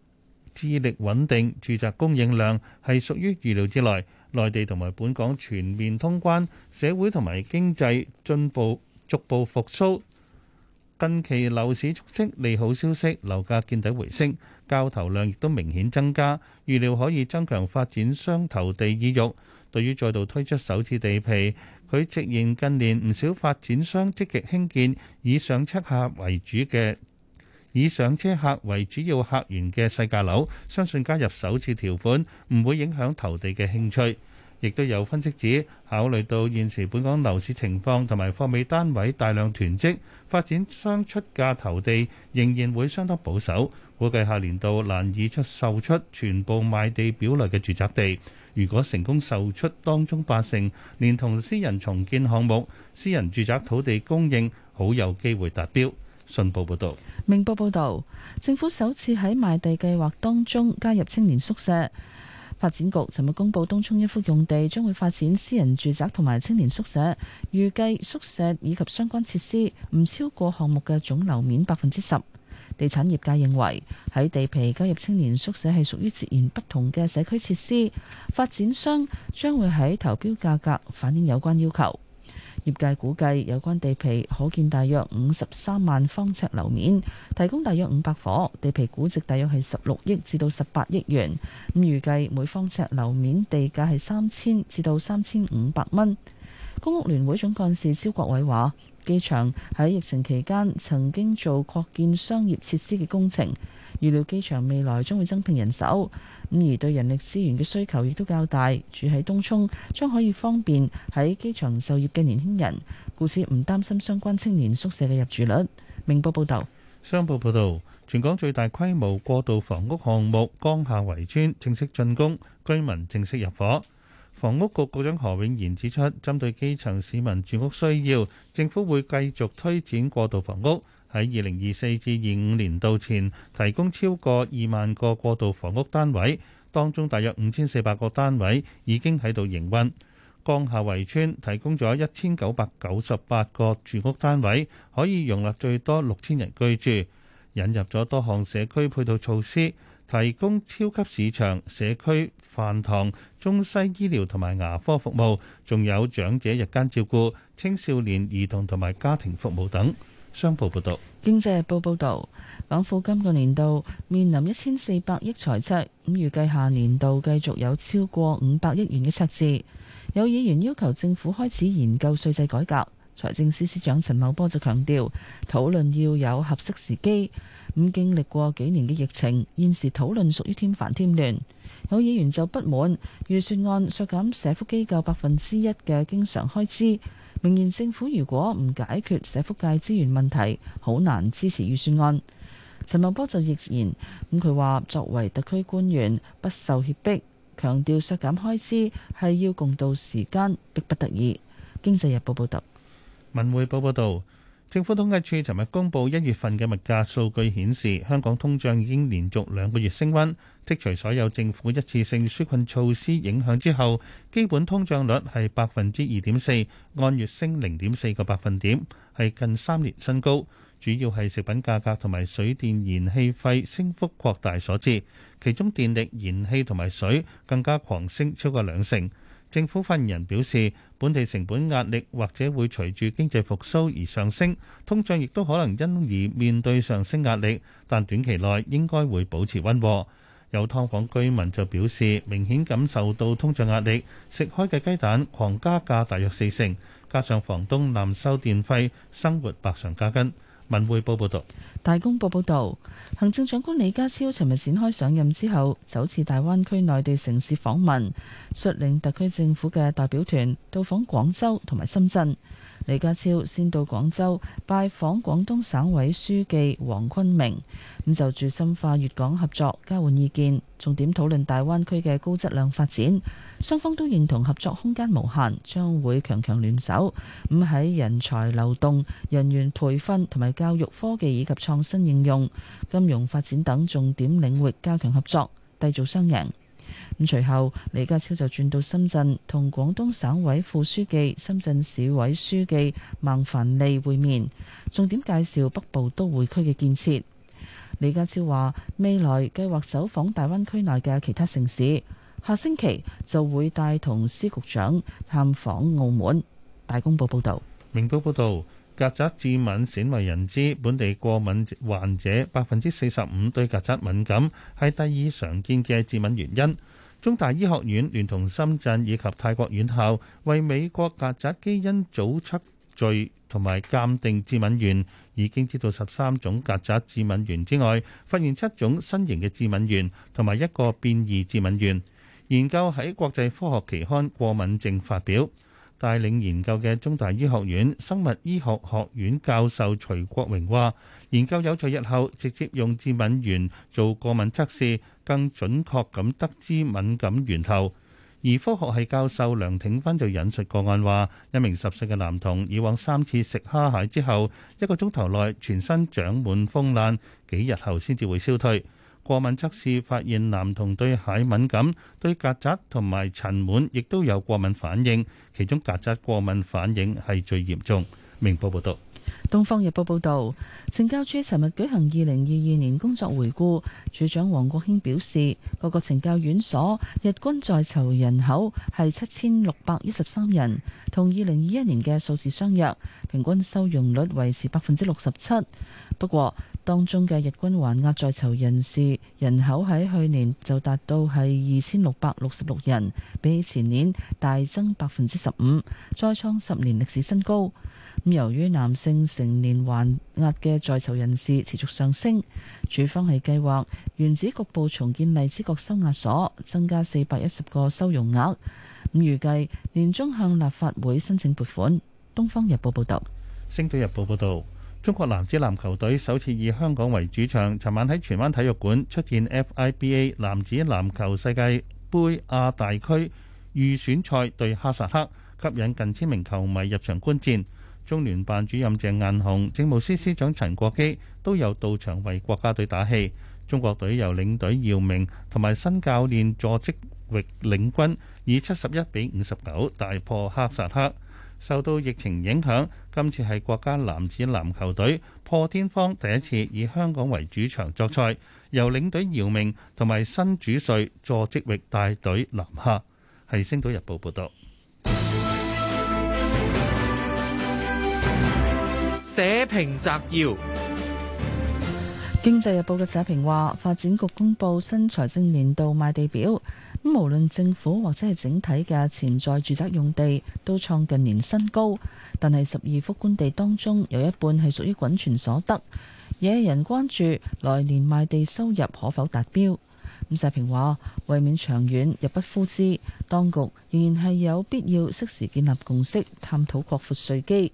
致力穩定住宅供應量，係屬於預料之內。內地同埋本港全面通關，社會同埋經濟進步，逐步復甦。近期樓市逐漸利好消息，樓價見底回升，交投量亦都明顯增加，預料可以增強發展商投地意欲。對於再度推出首次地皮，佢直言近年唔少發展商積極興建以上車客為主嘅以上車客為主要客源嘅細價樓，相信加入首次條款唔會影響投地嘅興趣。亦都有分析指，考慮到現時本港樓市情況同埋貨尾單位大量囤積發展商出價投地仍然會相當保守，估計下年度難以出售出全部賣地表內嘅住宅地。如果成功售出當中八成，連同私人重建項目、私人住宅土地供應好有機會達標。信報報道明報報道，政府首次喺賣地計劃當中加入青年宿舍。發展局尋日公布東涌一幅用地將會發展私人住宅同埋青年宿舍，預計宿舍以及相關設施唔超過項目嘅總樓面百分之十。地產業界認為喺地皮加入青年宿舍係屬於截然不同嘅社區設施，發展商將會喺投標價格反映有關要求。業界估計有關地皮可建大約五十三萬方尺樓面，提供大約五百伙。地皮估值大約係十六億至到十八億元。咁預計每方尺樓面地價係三千至到三千五百蚊。公屋聯會總幹事招國偉話，機場喺疫情期間曾經做擴建商業設施嘅工程。預料機場未來將會增聘人手，咁而對人力資源嘅需求亦都較大。住喺東涌將可以方便喺機場就業嘅年輕人。故此唔擔心相關青年宿舍嘅入住率。明報報道：「商報報道，全港最大規模過渡房屋項目江夏圍村正式竣工，居民正式入伙。」房屋局局，局長何永賢指出，針對基層市民住屋需要，政府會繼續推展過渡房屋。喺二零二四至二五年度前提供超過二萬個過渡房屋單位，當中大約五千四百個單位已經喺度營運。江夏圍村提供咗一千九百九十八個住屋單位，可以容納最多六千人居住。引入咗多項社區配套措施，提供超級市場、社區飯堂、中西醫療同埋牙科服務，仲有長者日間照顧、青少年兒童同埋家庭服務等。商報報道，《經濟日報》報道，港府今個年度面臨一千四百億財赤，咁預計下年度繼續有超過五百億元嘅赤字。有議員要求政府開始研究稅制改革，財政司司長陳茂波就強調，討論要有合適時機。咁經歷過幾年嘅疫情，現時討論屬於添煩添亂。有議員就不滿預算案削減社福機構百分之一嘅經常開支。明年政府如果唔解決社福界資源問題，好難支持預算案。陳茂波就逆言，咁佢話作為特區官員不受脅迫，強調削減開支係要共度時艱，迫不得已。經濟日報報道。文匯報報道。政府統計處尋日公布一月份嘅物價數據顯示，香港通脹已經連續兩個月升溫。剔除所有政府一次性紓困措施影響之後，基本通脹率係百分之二點四，按月升零點四個百分點，係近三年新高。主要係食品價格同埋水電燃氣費升幅擴大所致，其中電力、燃氣同埋水更加狂升超過兩成。政府發言人表示，本地成本壓力或者會隨住經濟復甦而上升，通脹亦都可能因而面對上升壓力，但短期內應該會保持温和。有劏房居民就表示，明顯感受到通脹壓力，食開嘅雞蛋狂加價大約四成，加上房東濫收電費，生活百上加斤。文匯報報道，大公報報道，行政長官李家超尋日展開上任之後首次大灣區內地城市訪問，率領特區政府嘅代表團到訪廣州同埋深圳。李家超先到廣州拜訪廣東省委書記黃坤明，咁就住深化粵港合作，交換意見，重點討論大灣區嘅高質量發展。雙方都認同合作空間無限，將會強強聯手，咁喺人才流動人員培訓同埋教育、科技以及創新應用、金融發展等重點領域加強合作，締造雙贏。咁隨後，李家超就轉到深圳，同廣東省委副書記、深圳市委書記孟凡利會面，重點介紹北部都會區嘅建設。李家超話：未來計劃走訪大灣區內嘅其他城市，下星期就會帶同司局長探訪澳門。大公報報道，明報報道，曱甴致敏鮮為人知，本地過敏患者百分之四十五對曱甴敏感，係第二常見嘅致敏原因。中大醫學院聯同深圳以及泰國院校，為美國曱甴基因組測序同埋鑑定致敏原，已經知道十三種曱甴致敏原之外，發現七種新型嘅致敏原同埋一個變異致敏原，研究喺國際科學期刊《過敏症》發表。帶領研究嘅中大醫學院生物醫學學院教授徐國榮話，研究有助日後直接用致敏原做過敏測試，更準確咁得知敏感源頭。而科學系教授梁挺芬就引述個案話，一名十歲嘅男童以往三次食蝦蟹之後，一個鐘頭內全身長滿風癩，幾日後先至會消退。過敏測試發現男童對蟹敏感，對曱甴同埋塵蟎亦都有過敏反應，其中曱甴過敏反應係最嚴重。明報報導，《東方日報》報導，懲教處尋日舉行二零二二年工作回顧，處長黃國興表示，各個懲教院所日均在囚人口係七千六百一十三人，同二零二一年嘅數字相若，平均收容率維持百分之六十七。不過，當中嘅日均還押在囚人士人口喺去年就達到係二千六百六十六人，比起前年大增百分之十五，再創十年歷史新高。咁由於男性成年還押嘅在囚人士持續上升，署方係計劃原址局部重建荔枝角收押所，增加四百一十個收容額，咁預計年中向立法會申請撥款。東方日報報道，星島日報報道。中國男子籃球隊首次以香港為主場，尋晚喺荃灣體育館出戰 FIBA 男子籃球世界杯亞大區預選賽對哈薩克，吸引近千名球迷入場觀戰。中聯辦主任鄭雁雄、政務司司長陳國基都有到場為國家隊打氣。中國隊由領隊姚明同埋新教練助職域領軍以71，以七十一比五十九大破哈薩克。受到疫情影響，今次係國家男子籃球隊破天荒第一次以香港為主場作賽，由領隊姚明同埋新主帥助職域帶隊南下。係《星島日報》報導。社評摘要：經濟日報嘅社評話，發展局公布新財政年度賣地表。咁，無論政府或者係整體嘅潛在住宅用地都創近年新高，但係十二幅官地當中有一半係屬於滾存所得，惹人關注來年賣地收入可否達標，咁石平話，為免長遠入不敷支，當局仍然係有必要適時建立共識，探討擴闊稅基。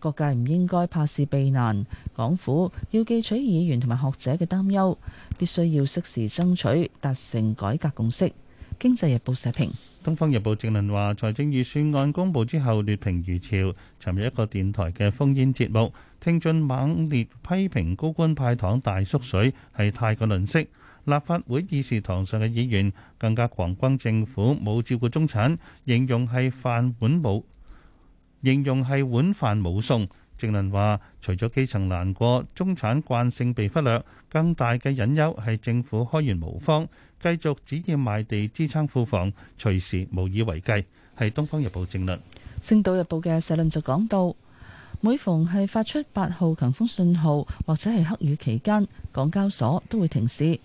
各界唔應該怕事避難，港府要記取議員同埋學者嘅擔憂，必須要適時爭取達成改革共識。《經濟日報》社評，《東方日報》正論話，財政預算案公布之後，劣評如潮。尋日一個電台嘅烽煙節目，聽盡猛烈批評高官派糖大縮水，係太過吝嗇。立法會議事堂上嘅議員更加狂轟政府冇照顧中產，形容係飯碗冇，形容係碗飯冇餸。正論話，除咗基層難過，中產慣性被忽略，更大嘅隱憂係政府開源無方。繼續指望賣地支撐庫房，隨時無以為繼。係《東方日報政論》政論，《星島日報》嘅社論就講到，每逢係發出八號強風信號或者係黑雨期間，港交所都會停市。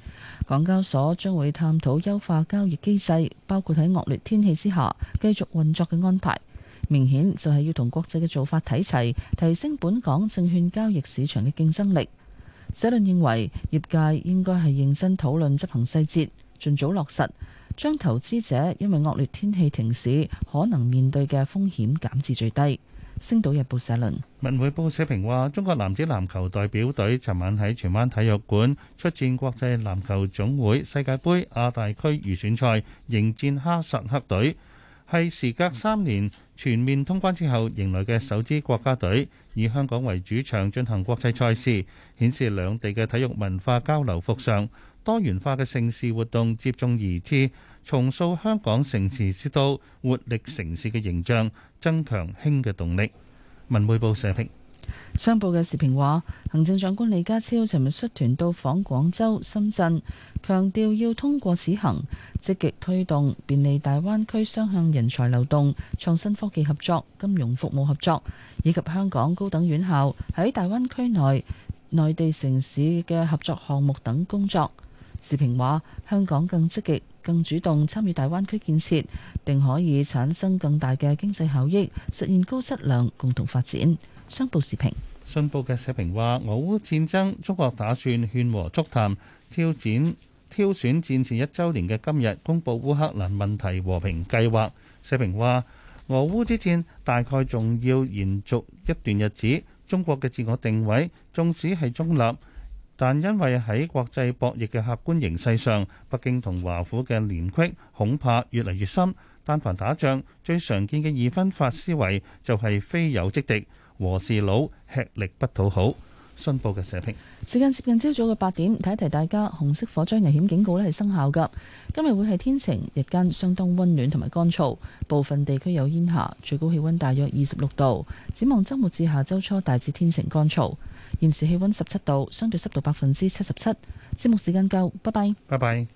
港交所將會探討優化交易機制，包括喺惡劣天氣之下繼續運作嘅安排。明顯就係要同國際嘅做法睇齊，提升本港證券交易市場嘅競爭力。社論認為，業界應該係認真討論執行細節。盡早落實，將投資者因為惡劣天氣停市可能面對嘅風險減至最低。星島日報社論，文匯報社評話：中國男子籃球代表隊尋晚喺荃灣體育館出戰國際籃球總會世界盃亞大區預選賽，迎戰哈薩克隊，係時隔三年全面通關之後迎來嘅首支國家隊，以香港為主場進行國際賽事，顯示兩地嘅體育文化交流復常。多元化嘅城市活動接踵而至，重塑香港城市之都活力城市嘅形象，增強興嘅動力。文匯報社評，商報嘅時評話，行政長官李家超尋日率團到訪廣州、深圳，強調要通過此行積極推動便利大灣區雙向人才流動、創新科技合作、金融服務合作以及香港高等院校喺大灣區內內地城市嘅合作項目等工作。社評話：香港更積極、更主動參與大灣區建設，定可以產生更大嘅經濟效益，實現高質量共同發展。商報社評。信報嘅社評話：俄烏戰爭，中國打算勸和促談，挑戰挑選戰前一週年嘅今日，公布烏克蘭問題和平計劃。社評話：俄烏之戰大概仲要延續一段日子，中國嘅自我定位，縱使係中立。但因為喺國際博弈嘅客觀形勢上，北京同華府嘅連隙恐怕越嚟越深。但凡打仗，最常見嘅二分法思維就係非友即敵，和事佬吃力不討好。信報嘅社評。時間接近朝早嘅八點，提一提大家，紅色火災危險警告咧係生效噶。今日會係天晴，日間相當溫暖同埋乾燥，部分地區有煙霞，最高氣溫大約二十六度。展望週末至下週初，大致天晴乾燥。現時氣溫十七度，相對濕度百分之七十七。節目時間夠，拜拜。拜拜。